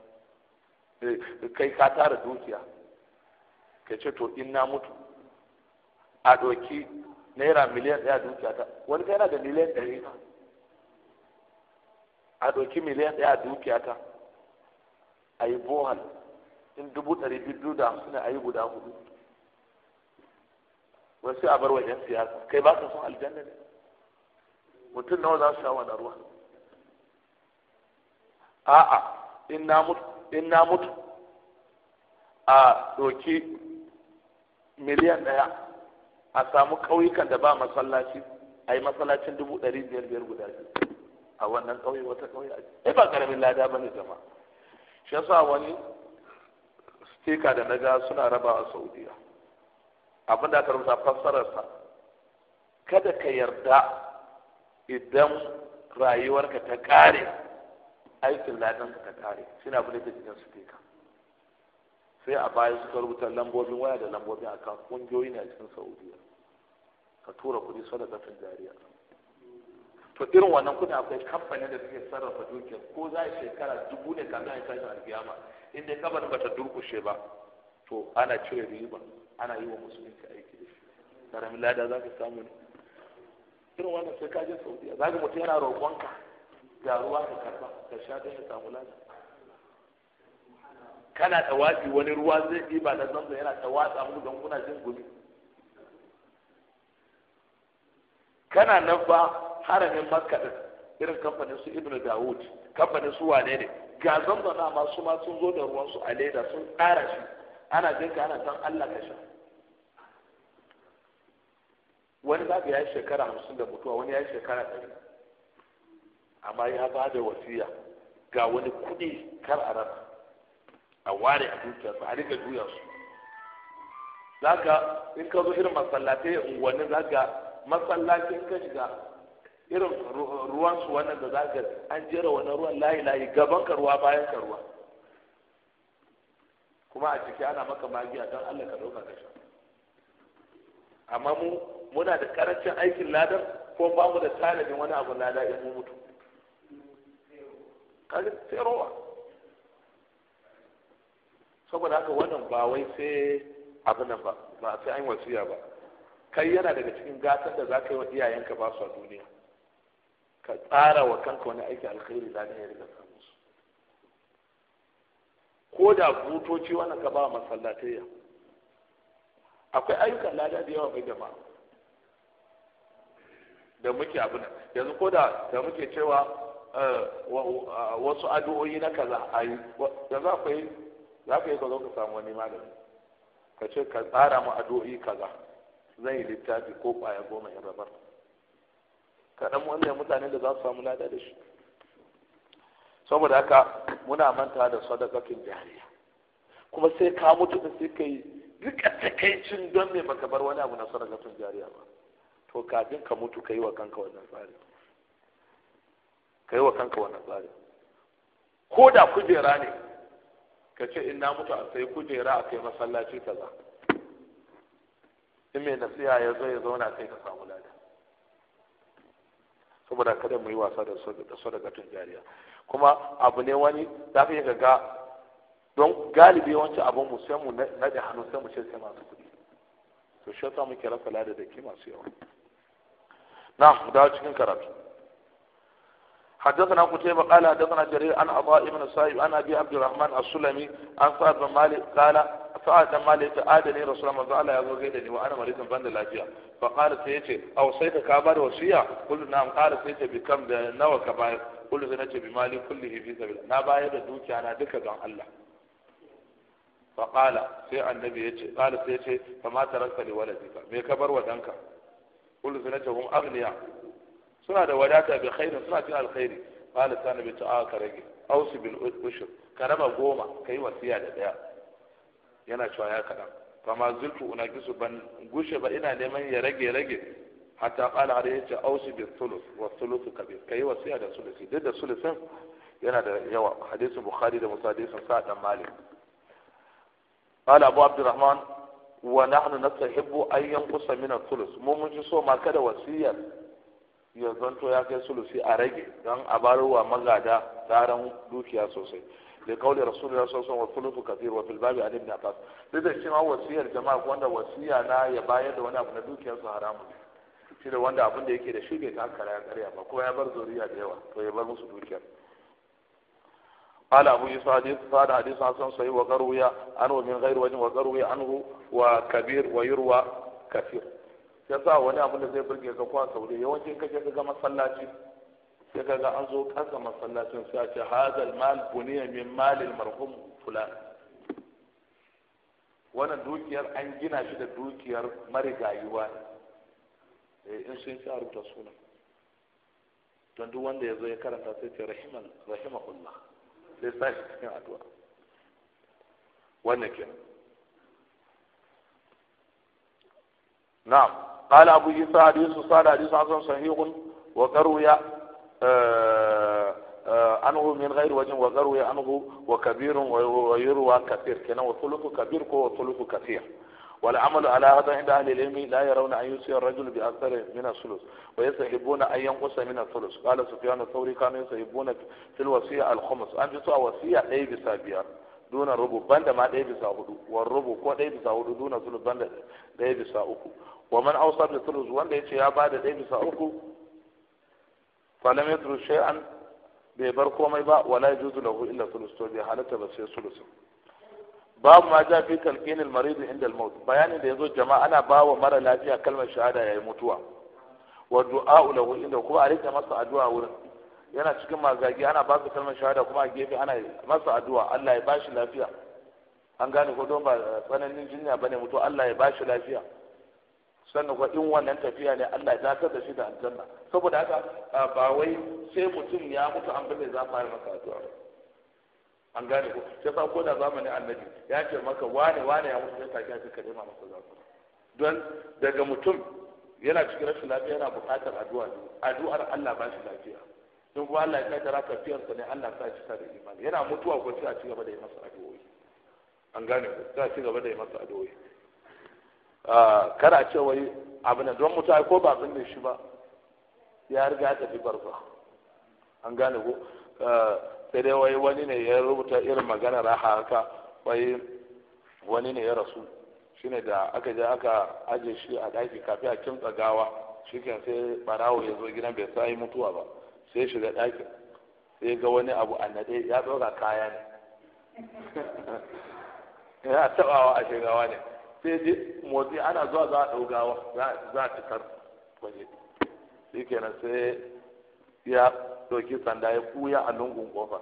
eh, kai ka tara dukiya ka ce to in na mutu a ɗauki naira miliyan ɗaya dukiya ta, wani kai yana da miliyan ɗari a ɗauki miliyan ɗaya dukiya ta a yi bohal in dubu ɗari biyu da hamsin a yi guda hudu wasu a bar wajen siyasa kai ba ka son aljanna ne mutum nawa za su sha wani ruwa a'a in na mutu in na mutu a ɗauki miliyan ɗaya a samu ƙauyukan da ba masallaci a yi masallacin dubu ɗari biyar biyar guda biyu a wannan ƙauye wata ƙauye a ai eh, ba ƙaramin lada ba ne jama'a shi sa wani stika da naga suna rabawa saudiya abin da aka rubuta fassararsa kada ka yarda idan rayuwarka ta ƙare aikin ladanka ta ƙare shi ne abin da ke cikin stika sai a baya suka rubuta lambobin waya da lambobin akan kungiyoyi ne a cikin saudiya ka tura kuɗi sadakatin jariya to irin wannan kudi akwai kamfanin da suke sarrafa dukiyar ko za a shekara dubu ne kafin a tashi alfiyama inda dai kabarin bata durkushe ba to ana cire riba ana yi wa musulunci aiki da shi karamin lada za ka samu ne irin wannan sai ka je saudiya za ka mutu yana roƙonka ga ruwa ka karba ka sha don ya samu lada kana tawafi wani ruwa zai ba da zamzam yana tawatsa mu don kuna jin gumi kana nan ba haramin makka din irin kamfanin su ibnu dawud kamfanin su wane ne ga zamzam na ma su ma sun zo da ruwan su a leda sun ƙara shi ana jin ka ana san Allah ka sha wani babu ya yi shekara hamsin da mutuwa wani ya yi shekara ɗari amma ya ba da wasiya ga wani kuɗi kar a rana a ware a dukiyarsu a rike juya su za ka in ka zo irin masallatai unguwanni za ka in ka shiga irin ruwan su wannan da za ka an jera wani ruwan layi layi gaban ka ruwa bayan ka ruwa kuma a ciki ana maka magiya don Allah ka ɗauka ka sha amma mu muna da karancin aikin ladar ko ba mu da tanadin wani abu lada in mu mutu kaga sai rowa saboda haka wannan ba wai sai abin nan ba ba sai an wasiya ba kai yana daga cikin gatan da za ka yi wa iyayenka ba su a duniya ka tsara wa kanka wani aiki alkhairi za ya riga samu su ko da butoci wannan ka ba masallatayya akwai ayyukan lada da yawa mai jama'a da muke abin yanzu ko da da muke cewa eh, wasu addu'o'i na kaza ayi yanzu akwai za ka yi ka zo ka samu wani magani? ka ce ka tsara mu addu'o'i kaza zan yi littafi ko ƙwaya goma in rabar kaɗan wannan mutane da za su samu lada da shi saboda haka muna manta da sadakakin jariya kuma sai ka mutu da sai kai rika takaicin don me baka bar wani abu na sadakakin jariya ba to kafin ka mutu kai wa kanka wannan tsari kai wa kanka wannan tsari ko da kujera ne ka ce in na mutu a sai kujera a kai masallaci kaza in mai nasiya ya zo ya zauna sai ka samu lada saboda kada mu yi wasa da tun jariya kuma abu ne wani za ka iya ga don galibi wancan abin mu sai mu naɗe hannu sai mu ce sai masu kuɗi to shi sa muke rasa lada da ke masu yawa na mu dawo cikin karatu حدثنا قتيبة قال حدثنا جرير عن عطاء بن الصائب عن أبي عبد الرحمن السلمي عن سعد بن مالك قال سعد بن مالك لي رسول الله صلى الله عليه وسلم وأنا مريض بند الأجياء فقال سيتي أوصيت كابر وصية قلت نعم قال سيتي بكم نوى كبائر قلت سنتي بمالي كله في سبيل الله نبايد دوكي أنا دكة عن الله فقال سي النبي يتي قال سيتي فما تركت لولدك مي كبر ودنك قلت سنتي هم أغنياء suna da wadata bi khairin suna cin alkhairi qala sani bi ta'a ah, ka rage ausu bil ushur ka raba goma kai wasiya da daya yana cewa ya kadan kama zulfu unakisu ban gushe ba ina neman ya rage rage hatta qala har yace ausu bil sulus wa thuluthu kabir kai wasiya da sulusi duk da sulusin yana da yawa hadisin bukhari da musa hadisin sa'ad dan malik قال أبو عبد الرحمن ونحن نستحب أن ينقص من الثلث مو من so ma kada wasiyar. ya zanto ya kai sulusi a rage don a barwa magada tsaron dukiya sosai da kauli rasulullah sallallahu alaihi wasallam sulufu kathir wa fil babi alim fas. duk da cewa wasiyar jama'a wanda wasiya na ya bayar da wani abu na dukiyar su haramu shi da wanda abin da yake da shi ta kara ya karya ba kuma ya bar zuriya da yawa to ya bar musu dukiyar قال أبو يوسف حديث قال حديث حسن صحيح وقروي عنه من غير وجه وقروي عنه وكبير ويروى كثير ya sa wani abu da zai burge ka kwan saurayi yawanci ka je ga masallaci sai ka ga an zo kasa masallacin sai a ce hadal mal buniya min malil marhum fulan wannan dukiyar an gina shi da dukiyar marigayuwa ne eh, in sun sha rubuta suna don duk wanda ya zo ya karanta sai ce rahimahullah sai sa shi cikin addu'a wannan kenan نعم قال أبو عيسى حديث صالح حديث حسن صحيح وقروي أنه آه، آه، من غير وجه وقروي أنه وكبير ويروى كثير كنا وثلث كبير وثلث كثير والعمل على هذا عند أهل العلم لا يرون أن يسيء الرجل بأكثر من الثلث ويستحبون أن ينقص من الثلث قال سفيان الثوري كانوا يستحبون في الوصية الخمس أن يسوى وصية أي بسابيا دون الربو بند ما أي بسا والربو كو أي بسا دون الثلث بند أي بسا wa man awsa bi thuluth wanda yace ya bada dai bisa uku falam yatru shay'an bai bar komai ba wala yajuzu lahu illa thuluth to bi halata ba sai thuluth babu ma ja fi talqin al marid inda al maut bayanin da yazo jama'a ana bawa mara lafiya kalmar shahada yayin mutuwa wa du'a lahu inda kuma a rika masa addu'a wurin yana cikin magagi ana ba su kalmar shahada kuma a gefe ana masa addu'a Allah ya bashi lafiya an gane ko don ba tsananin jinya bane mutu Allah ya bashi lafiya sannan kuma in wannan tafiya ne Allah ya dakatar da shi da aljanna saboda haka ba wai sai mutum ya mutu an bane za fara maka addu'a an gane ko sai sa ko da zamanin annabi ya ce maka wane wane ya mutu sai take ka nema ma masa zakka don daga mutum yana cikin rashin lafiya yana buƙatar addu'a addu'ar Allah ba shi lafiya in kuma Allah ya kaddara tafiyarsa ne Allah ya sa shi da imani yana mutuwa ko sai a ci gaba da yi masa addu'o'i an gane ko sai a ci gaba da yi masa addu'o'i Kada a ce wai abu na don mutu ko ba binne shi ba ya riga ta fi barba an gane ko sai dai wai wani ne ya rubuta irin magana raha haka wai wani ne ya rasu shine da aka je aka aje shi a daki kafin a kimtsa gawa shikenan sai barawo ya zo gidan bai sa yi mutuwa ba sai shiga daki sai ga wani abu a nade ya ɗora kaya ne ya tabawa a shigawa ne sai ji motsi ana zuwa za a ɗaugawa za a cikar waje shi kenan sai ya ɗauki sanda ya kuya a lungun kofa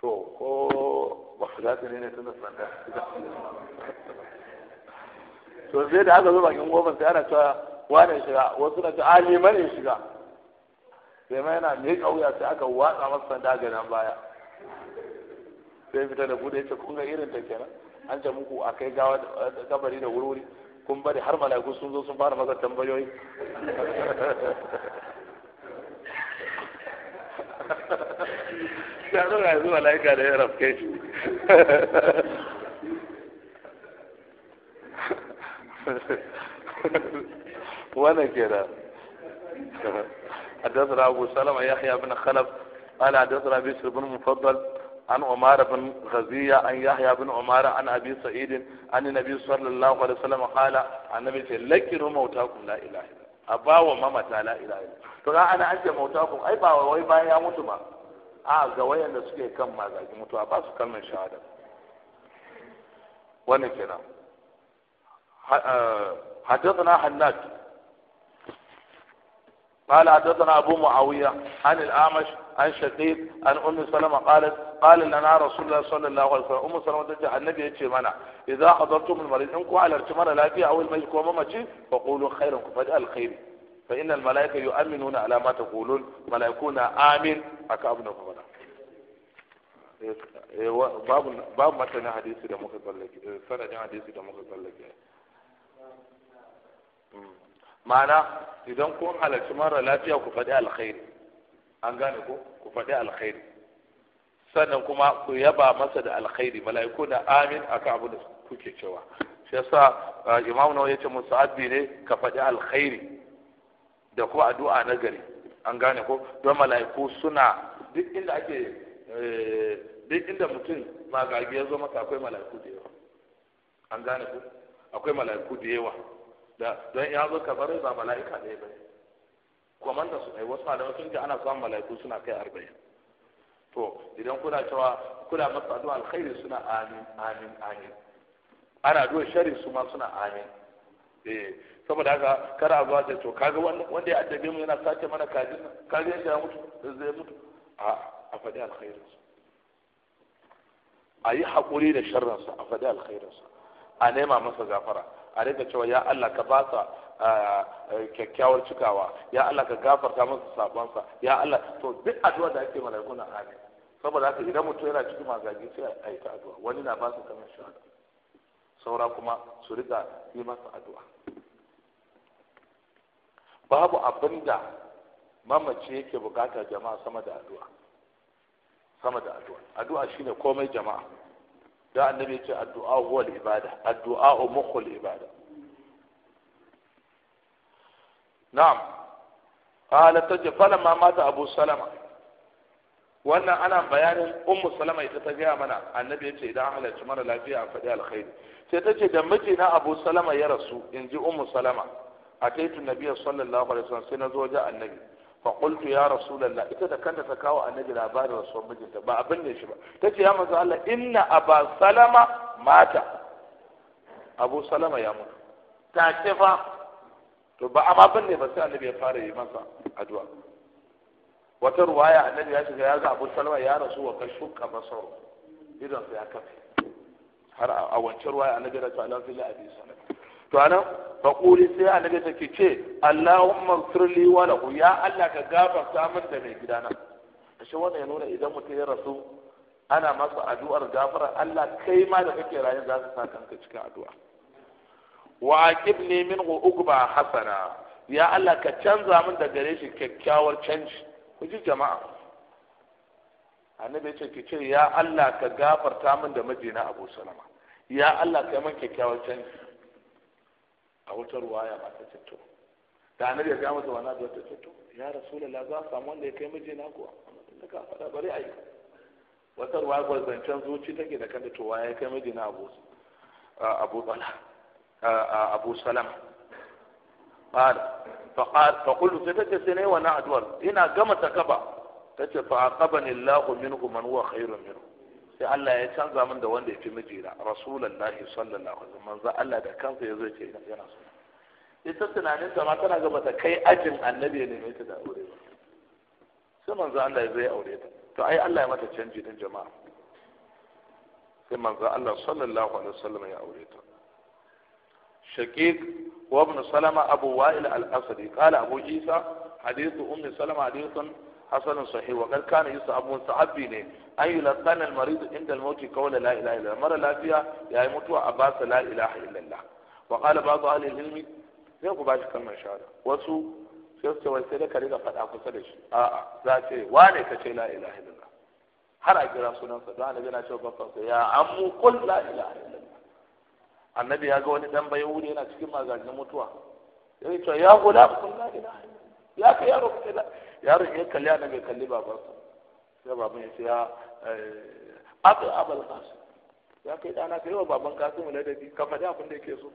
to ko ba za ta ne tun da sanda to sai da aka zo bakin kofar sai ana cewa wane shiga wasu na cewa alima ne shiga sai ma yana mai kauya sai aka watsa masa sanda ga nan baya sai fita da bude ya ce kun ga irin ta kenan an ce muku a kai gawa kabari da wuri kun bari har mala'iku sun zo sun fara maza tambayoyi ya zo ga yanzu mala'ika da ya rafke shi wannan kenan حدثنا أبو سلمة يحيى بن خلف قال حدثنا بشر بن مفضل عن عمار بن an عن يحيى umara, عمار عن أبي سعيد عن النبي صلى الله عليه وسلم قال النبي لكنوا موتاكم لا إله إلا a ba wa mamata la to ga ana an ce mauta kun ai ba wai bayan mutu ba a ga wayanda suke kan mazaki mutuwa ba su kalmar shahada wannan kenan حدثنا حناد قال حدثنا أبو معاوية عن الأعمش عن شقيق عن أم سلمة قالت قال لنا رسول الله صلى الله عليه وسلم أم سلمة تجي النبي يجي منا إذا حضرتم المريض إنكم على ارتمار لا في أو المجد كوما مجي فقولوا خيرا فجأة الخير فإن الملائكة يؤمنون على ما تقولون ملائكونا آمين أكابنا فمنا باب باب متن حديث ده مخبر لك سنة حديث ده مخبر لك ma'ana idan kun halarci mara lafiya ku faɗi alkhairi an gane ko ku faɗi alkhairi sannan kuma ku yaba masa da alkhairi mala'iku na amin akan abu da kuke cewa shi yasa imam nawawi yace musa'abi ne ka faɗi alkhairi da kuma addu'a na gari an gane ko don mala'iku suna duk inda ake eh, duk inda mutum magagi ya zo maka akwai mala'iku da yawa an gane ko akwai mala'iku da yawa da don ya zo kabarin ba mala'ika ɗaya ba da su ai wasu malamai sun ce ana samun mala'iku suna kai arba'in to idan kuna cewa kuna masa addu'a alkhairi suna amin amin amin ana duwa shari su ma suna amin eh saboda haka kada zuwa da to kaga wanda ya addabe mu yana sace mana kajin kaga yadda ya mutu zai mutu a a faɗi alkhairin su a yi haƙuri da sharrin a faɗi alkhairin a nema masa gafara a rika cewa ya Allah ka ba sa kyakkyawar cikawa ya Allah ka gafarta masa sabonsa ya Allah to duk addu'a da ake mala'iku kuna amin saboda haka idan mutum yana cikin magaji sai a yi ta addu'a wani na ba su kamar shahada saura kuma su riga yi masa addu'a babu abin da mamaci yake bukata jama'a sama da addu'a sama da addu'a addu'a shine komai jama'a da annabi ce addu'a huwa ibada addu'a mukhul ibada na'am qala tace ma mata abu salama wannan ana bayanin ummu salama ita ta gaya mana annabi ce idan halarci mara lafiya a faɗi alkhairi sai ta ce da na abu salama ya rasu in ji ummu salama a taitun nabiya sallallahu alaihi wasallam sai na zo wajen annabi fa qultu ya rasulullah ita da kanta ta kawo annabi labarin rasuwar mijinta ba abin ne shi ba tace ya manzo Allah inna aba salama mata abu salama ya mutu ta ce fa to ba amma ban ne ba sai annabi ya fara yi masa addu'a wata ruwaya annabi ya shiga ya ga abu salama ya rasu wa shuka basaro idan sa ya kafe har a wancan ruwaya annabi ya rasu ala fili abi salama to anan faƙuli sai annabi ta ke ce Allahumma sirli wa lahu ya Allah ka gafarta min da mai gidana shi wannan ya nuna idan mutum ya rasu ana masa addu'ar gafara Allah kai ma da kake rayu za ka sa kanka cikin addu'a wa aqibni min uqba hasana ya Allah ka canza min da gare shi kyakkyawar canji ku ji jama'a annabi ce ce ya Allah ka gafarta min da mijina Abu Salama ya Allah kai yi min kyakkyawar canji a wata ruwaya ba ta cito da annabi ya ga masa wani da ta cito ya rasulullah za a samu wanda ya kai miji na kuwa da ka fada bari a yi wata ruwaya ba zancen zuci take da kanta to ya kai miji na abu abu bala abu salama قال wa فقلت ستة سنين وانا ادور هنا قمت كبا تتفاقبني الله منه من هو khairun منه sai Allah ya canza min da wanda ya fi mijina rasulullahi sallallahu alaihi wasallam manzo Allah da kansa zo ce yana so ita tunanin ta ma tana ga bata kai ajin annabi ya mai ta da aure ba sai manzo Allah ya zai ya aure ta to ai Allah ya mata canji din jama'a sai manzo Allah sallallahu alaihi wasallam ya aure ta shaqiq wa ibn salama abu wa'il Al'asari, asadi abu isa hadithu Umar, salama hadithun hasanun sahih wa kad kana yusabu sahabi ne an yi yulqana al-marid inda al-maut qawla la ilaha illa mara lafiya ya yi mutuwa a ba sa la ilaha illallah wa qala ba'd ahli al-ilm sai ku ba shi kalmar shahada wasu sai su wai sai da ka riga faɗa kusa da shi a'a za a ce wane ka ce la ilaha illallah har a kira sa. don annabi na cewa babbansa ya ammu qul la ilaha illallah annabi ya ga wani dan bayan wuri yana cikin magajin mutuwa sai ya ce ya guda qul la ilaha ya ka yaro yaron ya kalli ana bai kalli babansa sai baban ya ce ya eh, abu abal kasu ya kai dana kai wa baban kasu mu ladabi ka faɗi abin da yake so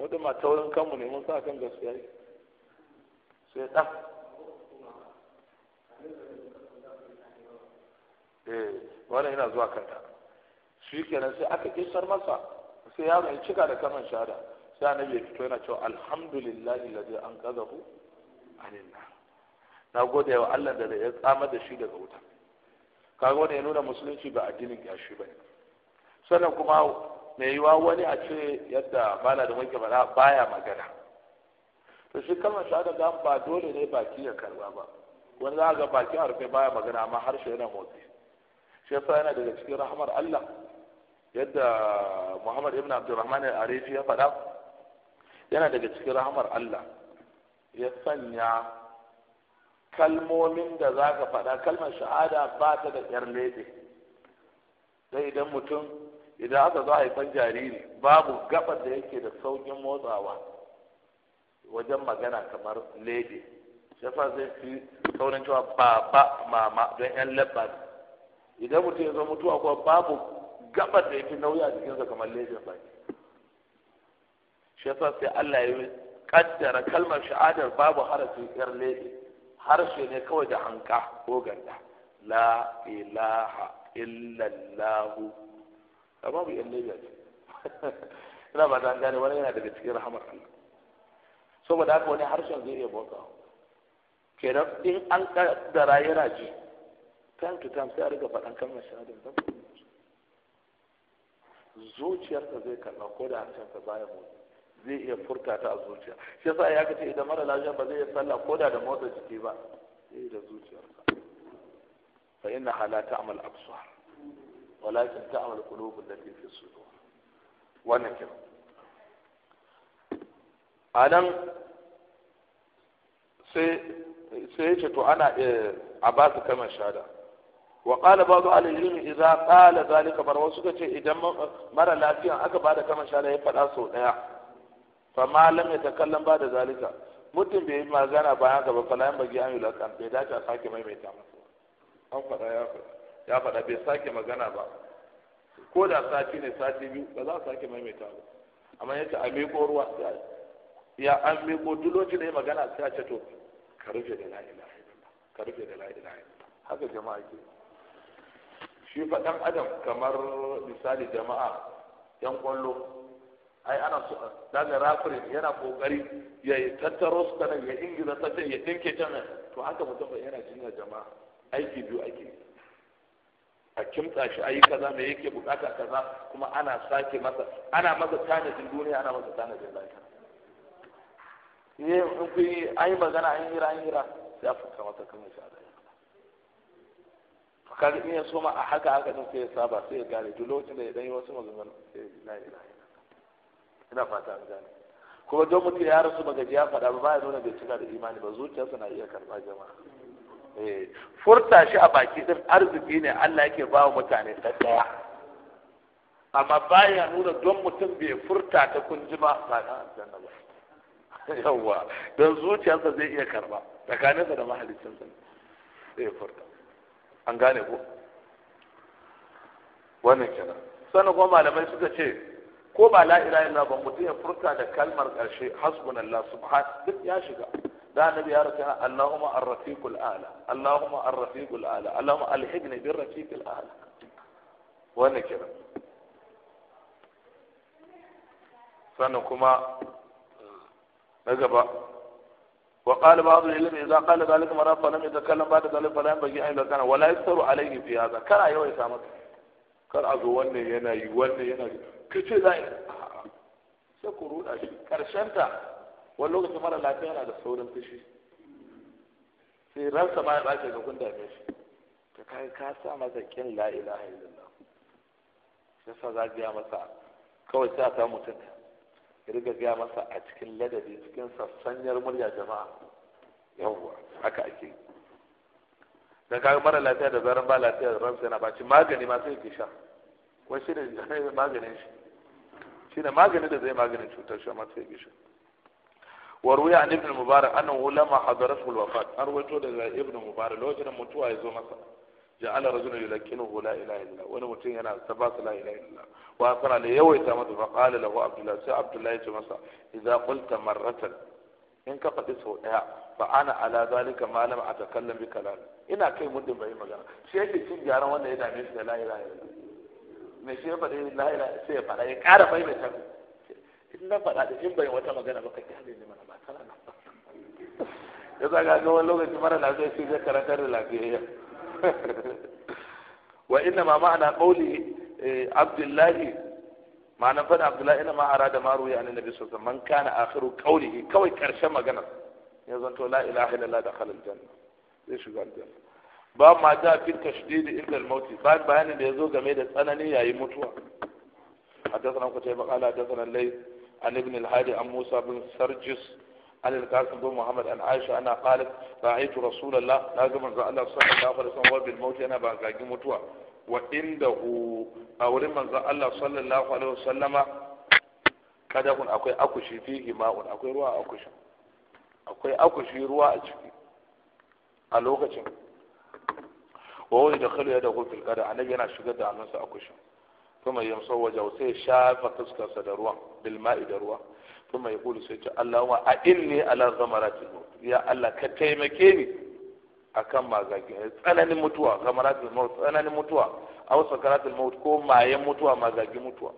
wanda ma taurin kanmu ne mun sa kan gaskiya ne sai ɗan eh wannan yana zuwa kanta shi kenan sai aka kisar masa sai yaron ya cika da kaman shada. sai annabi ya fito yana cewa alhamdulillahi ladzi an qadahu anillah na gode wa Allah da ya tsamar da shi daga wuta kaga wani ya nuna musulunci ba addinin yashi ba sannan kuma mai yiwa wani a ce yadda bala da wanke bala baya magana to shi kalmar shahada ba dole ne baki ya karba ba wani za ga baki a rufe baya magana amma harshe yana motsi shi yasa yana daga cikin rahmar Allah yadda Muhammad ibn Abdurrahman al-Arifi ya faɗa yana daga cikin rahmar Allah ya sanya kalmomin da za ka faɗa kalmar shahada ba ta da ƴar leɓe sai idan mutum idan aka zo haifan jariri babu gabar da yake da saukin motsawa wajen magana kamar leɓe shafa zai fi saurin cewa baba mama don ƴan leɓa idan mutum ya zo mutuwa kuma babu gabar da yake nauyi a jikinsa kamar leɓen baki shafa sai Allah ya kaddara kalmar sha'adar babu harafin ƴar leɓe harshe ne kawai da hanka ko ganda la ilaha illallahu amma bu yan lafiya ce ina ba ta gane wani yana daga cikin rahamar Allah saboda haka wani harshen zai iya bauta kenan in an kaddara yana ji time to time sai a riga faɗan kalmar shahadin zuciyarsa zai kalla ko da sa baya motsi zai iya furta ta a zuciya shi yasa ya kace idan mara lafiya ba zai iya sallah ko da da motsa jiki ba sai da zuciyarsa fa inna hala ta'mal absar walakin ta'mal qulub allati fi sudur wannan kira anan sai sai yace to ana eh, a ba su kamar shada wa qala ba'du ahli ilmi idza qala zalika bar wasu ce idan mara lafiya aka bada kamar shada ya fada sau daya fa ma ya yatakallam ba da zalika mutum bai yi magana bayan gaba fa yin bagi an yulakan bai dace a sake maimaita masa an faɗa ya faɗa ya faɗa bai sake magana ba ko da sati ne sati biyu ba za a sake maimaita ba amma yace a miƙo ruwa ya an miƙo duk lokacin da ya magana sai a ce to ka rufe da la ilaha illallah ka rufe da la ilaha illallah haka jama'a ke shi faɗan adam kamar misali jama'a yan kwallo ai ana so eh, daga rafirin yana kokari ya yi tattaro su kanan ya ingiza ta ya dinke ta to haka mutum ba yana jinya jama'a aiki biyu ake a kimta shi ayi kaza me yake bukata kaza kuma ana sake masa ana masa tanadin duniya ana masa tanadin lafiya ne in kun yi ayi magana an hira an hira sai a masa kan shi a kaga in ya soma a haka haka din sai ya saba sai ya gane duk lokacin da ya dan yi wasu maganganu sai ya ji la ina fata an gane kuma don mutum ya rasu ba gaji ya faɗa ba ya nuna bai cika da imani ba zuciyarsa na iya karɓa jama'a eh, furta shi a baki ɗin arziki ne Allah yake ba wa mutane ɗaya amma baya nuna don mutum bai furta ta kunji ba ba na aljanna ba yawwa don zuciyarsa zai iya karɓa tsakaninsa da mahalicinsa zai furta an gane ko wannan kenan sannan kuma malamai suka ce ko ba la ilaha illa ba mutum ya furta da kalmar karshe hasbunallah subhan duk ya shiga da annabi ya rasa Allahumma ar-rafiqul a'la Allahumma ar-rafiqul a'la Allahumma alhidni bir rafiqil a'la wannan kira sannan kuma na gaba وقال بعض العلم اذا قال ذلك مرة فلم يتكلم بعد ذلك فلا ينبغي ان يكون ولا يكثر عليه في هذا كان يوي سامك كان ازو wannan yana yi wannan yana yi ka ce za a sai ku ruɗa shi ƙarshenta wani lokacin mara lafiya yana da saurin fushi sai ransa ma ya ɓace ga kun dame shi ka kai ka sa masa kin la ilaha illallah sai sa za gaya masa kawai sai a ta mutun ya riga gaya masa a cikin ladabi cikin sassanyar murya jama'a yawwa haka ake dan kaga mara lafiya da zaran ba lafiya ransa yana ɓaci magani ma sai ke sha kuma shi ne zai maganin shi shi ne maganin da zai maganin cutar shi amma sai ya gishi wa ruya an ibn mubarak an ulama hadarat ul wafat an ruwaito da ibn mubarak lokacin mutuwa ya zo masa ja'ala rajulun yulakinu la ilaha illa wani mutum yana sabasa la ilaha illa wa sana da yawaita masa fa qala lahu abdullah sai abdullah ya ce masa idza kulta marratan in ka faɗi sau ɗaya fa ana ala zalika malama a takallan bi kalam ina kai muddin bai magana shi yake cin gyaran wannan ya dame shi da la ilaha illa mai shi ya faɗi la'ila sai ya faɗa ya ƙara bai mai tabi in na faɗa da in bai wata magana ba ka kyale ne mana ba tana nan ya zaga ga wani lokaci mara lafiya shi zai karantar da lafiyayya wa inna ma ma'ana qawli eh, abdullahi ma'ana faɗa abdullahi inna ma arada ma ruya an nabi sallallahu man kana akhiru qawlihi kawai karshen magana ya zanto la ilaha illallah dakhala aljanna zai shiga aljanna ba ma za a fin kashi da inda mauti bayanin da ya zo game da tsanani yayi mutuwa a ta sanar kwace makala ta sanar lai an ibn al musa bin sarjis an al-qasim muhammad an aisha ana qalat ra'aytu rasulullah na ga manzo allah sallallahu alaihi wasallam sallam wa bil mauti a wurin manzo allah sallallahu alaihi kada kun akwai akushi fihi ma'un akwai ruwa akushi akwai akushi ruwa a ciki a lokacin wa wani da kalu ya da hufil kada annabi yana shigar da hannunsa a kushin kuma ya so waje sai shafa fuskarsa da ruwan bil ma'i da ruwa kuma ya kulu sai ce Allahumma a inni ala zamaratil maut ya Allah ka taimake ni akan magagi tsananin mutuwa zamaratil maut tsananin mutuwa aw sakaratil maut ko mayen mutuwa magagi mutuwa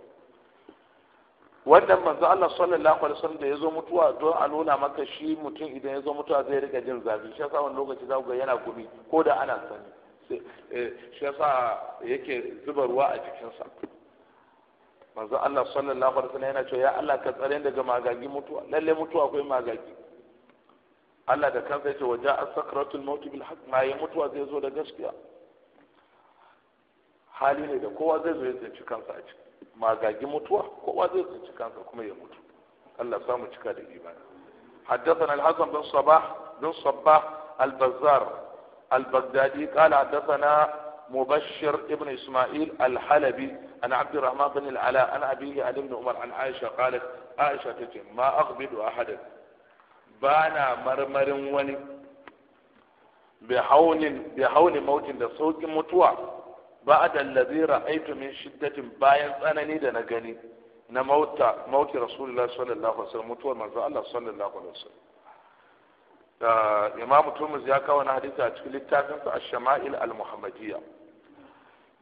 wannan manzo Allah sallallahu alaihi wasallam da yazo mutuwa don a nuna maka shi mutum idan yazo mutuwa zai rika jin zafi shi yasa wani lokaci za ga yana gumi ko da ana sani eh, shi yasa yake zuba ruwa a jikinsa manzo Allah sallallahu alaihi wasallam yana cewa ya Allah ka tsare daga magagi mutuwa lalle mutuwa akwai magagi Allah da kansa yace waja as-sakratul maut bil haqq ma ya mutuwa zai zo da gaskiya hali ne da kowa zai zo ya tsinci kansa a ciki magagi mutuwa kowa zai tsinci kansa kuma ya mutu Allah samu cika da imani حدثنا الحسن بن صباح بن صباح البزار البغدادي قال حدثنا مبشر ابن اسماعيل الحلبي عن عبد الرحمن بن العلاء عن ابيه عن ابن عمر عن عائشه قالت عائشه تتم ما اقبض احدا بانا مرمر وني بحول بحول موت da saukin mutuwa ba'da allazi ra'aytu min shiddatin bayan tsanani da na gani na mauta mauti rasulullahi sallallahu alaihi wasallam mutuwar manzo Allah sallallahu alaihi wasallam da imam turmus ya kawo na hadisi a cikin littafin sa shamail al-muhammadiyya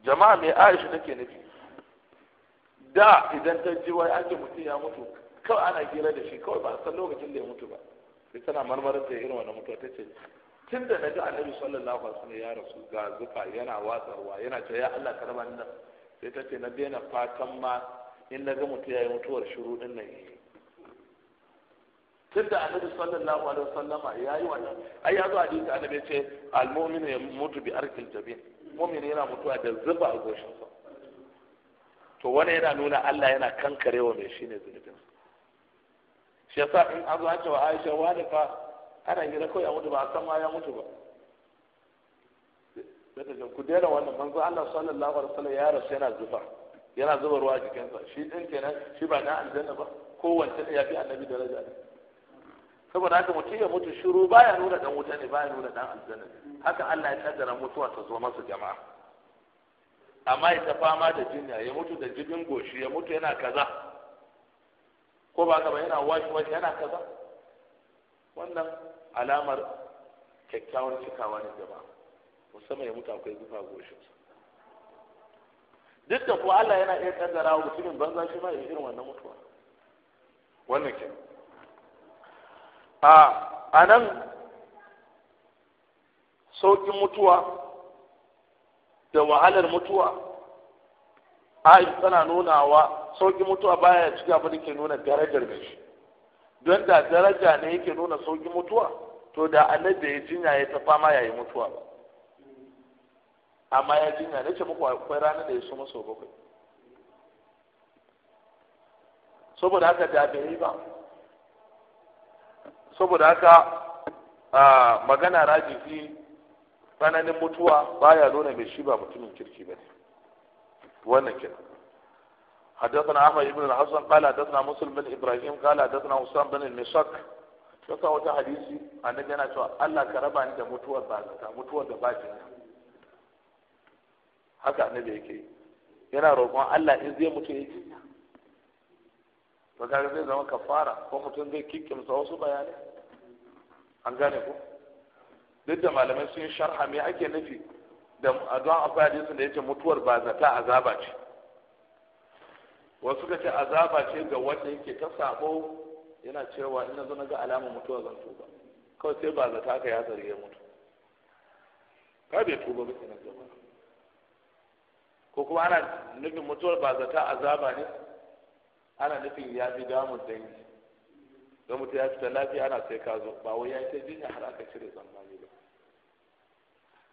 jama'a mai aisha take nufi da idan ta ji wai ake mutum ya mutu kawai ana gira da shi kawai ba a san lokacin da ya mutu ba sai tana marmarin ta mutuwa ta ce tun da na ji annabi sallallahu alaihi wasallam ya rasu ga zufa yana watsarwa yana ce ya Allah karba ni nan sai ta ce na daina fatan ma in na ga mutum ya yi mutuwar shiru din nan yi tun da annabi sallallahu alaihi wasallam ya yi wannan ai ya zo hadisi annabi ya ce almu'minu yamutu bi arkil jabin mumin yana mutuwa da zufa a sa. to wani yana nuna Allah yana kankarewa mai shine zunubin? shi yasa in azo zo ce wa Aisha wani fa ana gida kawai a mutu ba a san ma ya mutu ba sai ta ku daina wannan manzo Allah sallallahu alaihi wasallam ya rasu yana zuba yana zuba ruwa a jikinsa shi din kenan shi ba na aljanna ba ko wanda ya fi annabi daraja ne saboda haka mutum ya mutu shiru baya nuna dan wuta ne baya nuna dan aljanna haka Allah ya kaddara mutuwa ta zo masa jama'a amma ya ta fama da jinya ya mutu da jibin goshi ya mutu yana kaza ko ba ka ba yana washi washi yana kaza wannan alamar kyakkyawar cikawa ne jama'a musamman ya mutu akwai zufa goshinsa duk da kuwa Allah yana iya kaddara wa mutumin banza shi ma ya irin wannan mutuwa wannan ke a anan saukin mutuwa da wahalar mutuwa a tana wa saukin mutuwa baya ya ci gaba da ke nuna darajar mai shi don da daraja ne yake nuna sauki mutuwa to da annabi ya jinya ya ta fama yayi mutuwa ba amma ya jinya ce muku akwai ranar da ya so masa bakwai saboda haka da bai yi ba saboda haka magana rajifi tsananin mutuwa baya nuna mai shi ba mutumin kirki ba ne wannan kenan حدثنا أحمد بن الحسن قال حدثنا مسلم بن إبراهيم قال حدثنا أسامة بن المشك yasa wata hadisi annabi yana cewa Allah ka raba ni da mutuwar bazata mutuwar da bakin haka annabi yake yana roƙon Allah in zai mutu ya ji baka zai zama kafara ko mutum zai kikkimsa wasu bayanai an gane ko duk da malamai sun sharha me ake nufi da don akwai hadisin da yace mutuwar ba zata azaba ce wasu ka ce azaba ce ga wanda yake ta sabo yana cewa ina zo na ga alamar mutuwa zan tuba kawai sai ba zata ka ya zarge mutu ka bai tuba ba kenan gaba ko kuma ana nufin mutuwar ba zata azaba ne ana nufin ya fi damun dangi don mutu ya fita lafiya ana sai ka zo ba wai ya ce jinya har aka cire tsammani ba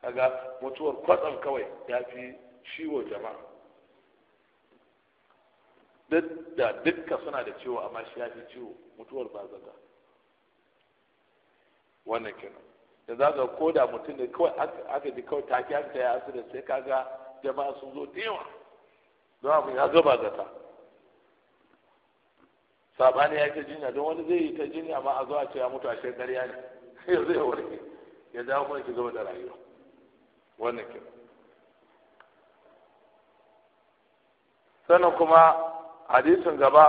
kaga mutuwar kwatsam kawai ya fi ciwo jama'a duk da dukka suna da ciwo amma shi ya fi ciwo mutuwar ba zata wannan kenan da za ga ko da mutum da kawai aka ji kawai take aka ya asiri sai ka ga jama'a sun zo da yawa don abu ya gaba zata sabani ya ke jinya don wani zai yi ta jinya amma a zo a ce ya mutu a shekar ya ne ya zai warke ya dawo kuma ki zama da rayuwa wannan kenan sannan kuma hadisin gaba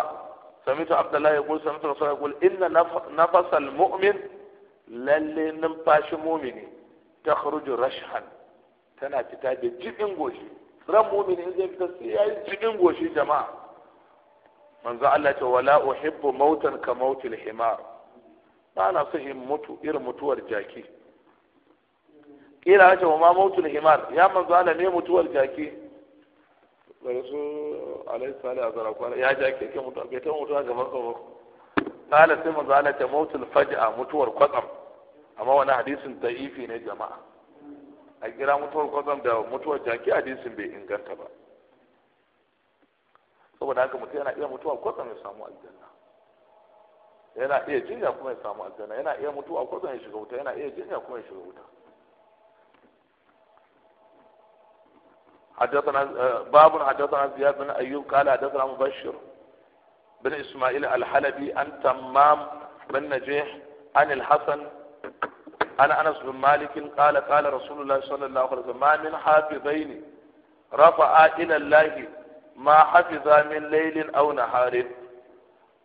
سمعت عبد الله يقول سمعت رسول inna يقول إن نفس المؤمن للي ننفاش مؤمني تخرج رشحا تنا تتاج جبن غوشي ran mumin in zai fita sai yayi cikin goshi jama'a manzo Allah ce wala uhibbu mautan ka mautil himar Bana so in mutu irin mutuwar jaki kira ce ma mautul himar ya manzo Allah ne mutuwar jaki bari su alaihi sali a zarakwana ya ja keke mutu a ta mutu a gaban sa kala sai manzo Allah ta mautul faj'a mutuwar kwatsam amma wani hadisin da'ifi ne jama'a a kira mutuwar kwatsam da mutuwar jaki hadisin bai inganta ba saboda haka mutum yana iya mutuwa kwatsam ya samu aljanna yana iya jinya kuma ya samu aljanna yana iya mutuwa kwatsam ya shiga wuta yana iya jinya kuma ya shiga wuta حدثنا باب حدثنا زياد بن أيوب قال حدثنا مبشر بن إسماعيل الحلبي عن تمام بن نجيح عن الحسن عن أنس بن مالك قال قال رسول الله صلى الله عليه وسلم ما من حافظين رفع إلى الله ما حفظ من ليل أو نهار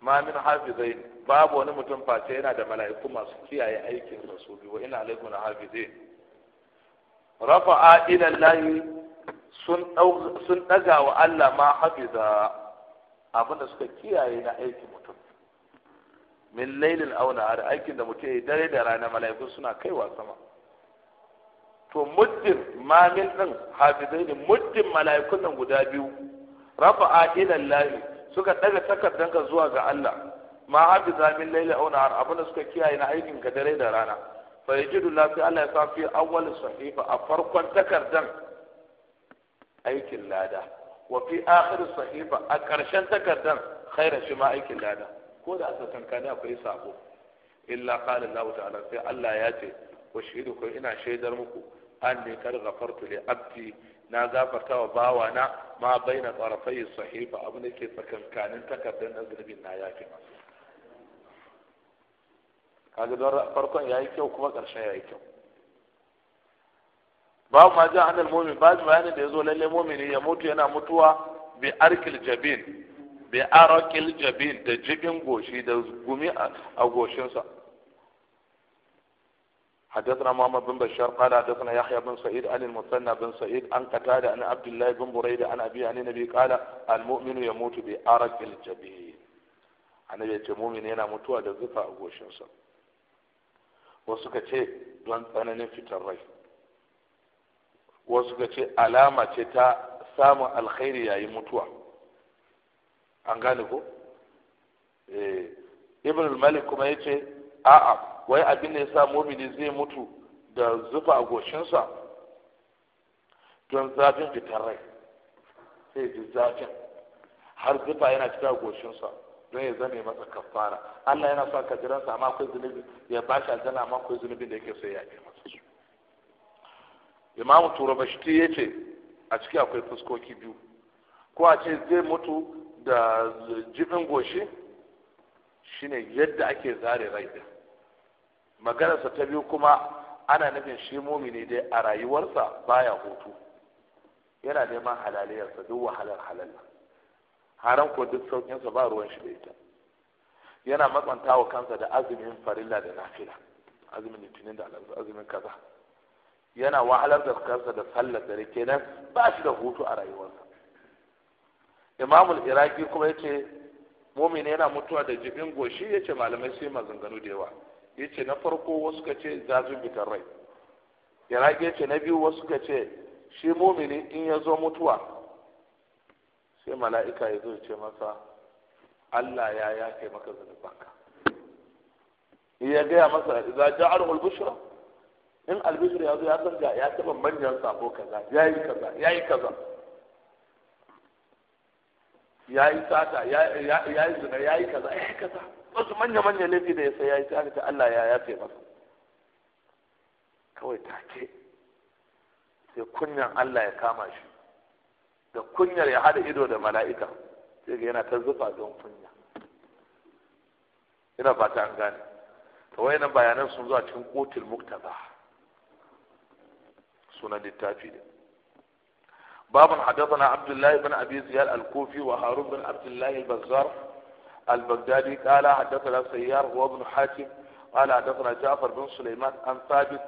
ما من حافظين babu wani mutum face yana da mala'iku masu kiyaye aikin rasuli wa ina alaikum na hafizin rafa'a ila lahi sun ɗaga wa Allah ma hafiza abin da suka kiyaye na aikin mutum min lailin auna har aikin da mutum ya dare da rana mala'iku suna kaiwa sama to muddin mamin din hafizai ne muddin mala'ikun nan guda biyu rafa'a ila lahi suka daga takardanka zuwa ga Allah ma hafiza min lailin auna har abin da suka kiyaye na aikin ka dare da rana fa yajidu lafi Allah ya sa fi awwal sahifa a farkon takardan aikin lada wa fi akhir sahifa a ƙarshen takardar khaira shi ma aikin lada ko da aka kankani akwai sabo illa qala Allah ta'ala sai Allah ya ce wa shahidu ko ina shaidar muku anni kar ghafartu li abdi na gafarta wa bawana ma baina tsarafai sahifa abu ne ke tsakankanin takardar na zunubin na yafi masu. kaga don farkon yayi kyau kuma ƙarshen yayi kyau babu ma jin anil mumin babu bayanin da ya zo lalle mumini ya mutu yana mutuwa bi arkil jabin bi arkil jabin da jikin goshi da gumi a goshinsa حدثنا محمد a بشار قال sa'id يحيى بن سعيد عن المثنى بن سعيد عن abdullahi bin عبد الله بن بريده عن ابي عن النبي قال المؤمن يموت بارق الجبين انا يا مؤمن yana mutuwa da zufa a goshin sa wasu ka ce don tsananin fitar rai wasu ka ce alama ce ta samun alkhairi yayin mutuwa an gane ko eh, ibn malik kuma ya ce a'a wai abin da ya sa mumini zai mutu da zufa a goshinsa don zafin fitar rai sai ji zafin har zufa yana fita a goshinsa don ya zame masa kafara Allah yana sa kajiransa amma akwai zunubi ya bashi aljanna amma akwai zunubin da yake so ya yi imamu turabashti ya ce a ciki akwai fuskoki biyu ko a ce zai mutu da jifin goshi shine yadda ake zare rai din maganarsa ta biyu kuma ana nufin shi mumini dai a rayuwarsa baya hutu yana neman halaliyarsa duk wahalar halal haram ko duk saukinsa ba ruwan shi da ita yana matsanta wa kansa da azumin farilla da nafila azumin litinin da azumin kaza yana wahalar da kansa da sallar dare kenan ba shi da hutu a rayuwarsa imamul iraki kuma ya ce, mumin yana mutuwa da jibin goshi yace malamai sai mazanganu da yawa yace na farko wasu ka ce zazun bitar rai iraki yace na biyu wasu ka ce shi mumini in ya zo mutuwa sai mala'ika ya zo ce masa Allah ya yafe maka zunubanka ya gaya masa za ja'al bushra in albishir ya zo ya san ya taɓa manyan sabo kaza ya yi kaza ya yi kaza ya yi sata ya yi zina ya yi kaza ya yi kaza wasu manya-manya laifi da ya sai ya yi ta ta Allah ya ce masa kawai take sai kunyan Allah ya kama shi da kunyar ya haɗa ido da mala'ika sai ga yana ta zufa don kunya ina fata an gane to wayannan bayanan sun zuwa cikin kotul muktaba sunan littafi ne باب حدثنا عبد الله بن ابي زياد الكوفي وهارون بن عبد الله البزار البغدادي قال حدثنا سيار هو ابن حاتم قال حدثنا جعفر بن سليمان عن ثابت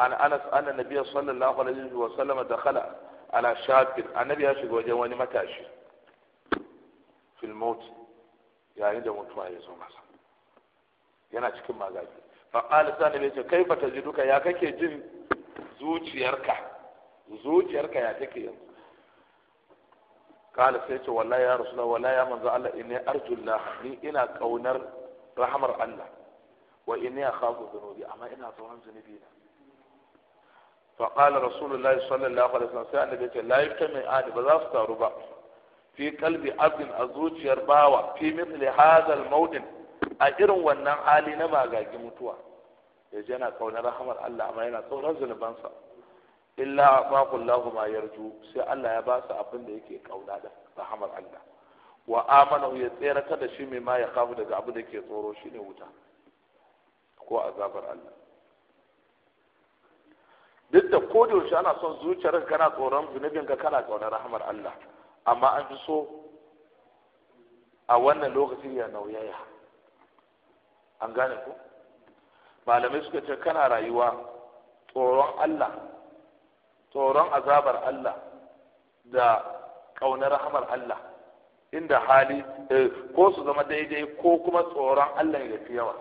عن انس ان النبي صلى الله عليه وسلم دخل على شاب النبي يا شيخ وجه وني متاشي في الموت يعني ده mutuwa ya zo masa yana cikin magaji fa qala sa nabi ce kaifa tajiduka ya kake jin zuciyarka zuciyarka ya take yanzu kala sai ce wallahi ya rasulullah wallahi ya manzo Allah inni arjullah ni ina kaunar rahmar Allah wa inni akhafu dhunubi amma ina tsoron zunubi na fa qala rasulullah sallallahu alaihi wasallam sai annabi ce la mai adi ba za su taru ba fi qalbi abdin a zuciyar bawa fi mithli hadha al a irin wannan hali na magagi mutuwa Yaje yana kaunar rahamar Allah amma yana tsoron zunubansa illa baqullahu ma yarju sai Allah ya ba su abin da yake kauna da rahamar Allah wa amana ya tsere da shi mai ma ya kafu daga abu da ke tsoro shine wuta ko azabar Allah duk da ko da yaushe ana son zuciyar kana tsoron zunubinka kana tsoron rahamar Allah amma an fi so a wannan lokacin ya nauyaya an gane ko malamai suka ce kana rayuwa tsoron Allah tsoron azabar Allah da ƙaunar rahamar Allah inda hali eh, ko su zama daidai ko kuma tsoron Allah ya fi yawa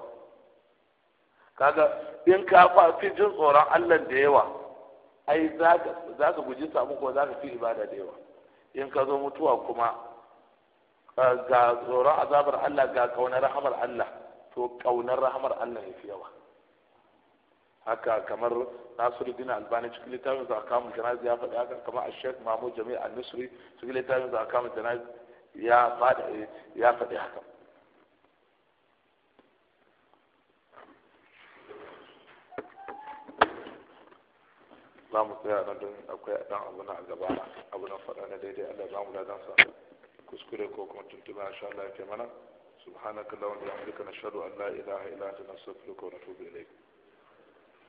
kaga in ka fi jin tsoron Allah da yawa ai za ka guji samu ko za ka fi ibada da yawa in ka zo mutuwa kuma eh, ga tsoron azabar Allah ga ƙaunar rahamar Allah to ƙaunar rahamar Allah ya fi yawa haka kamar nasiruddin albani cikin littafin sa kamun janazi ya faɗi haka kamar shek mamu jami al-nusri cikin littafin sa kamun janazi ya faɗi ya faɗi haka za mu tsaya nan don akwai dan abu na gaba abu na faɗa na daidai Allah za mu ladan sa kuskure ko kuma tuntuba a sha'ala ya mana subhanaka allahumma wa bihamdika nashhadu an la ilaha illa anta nastaghfiruka na natubu ilayk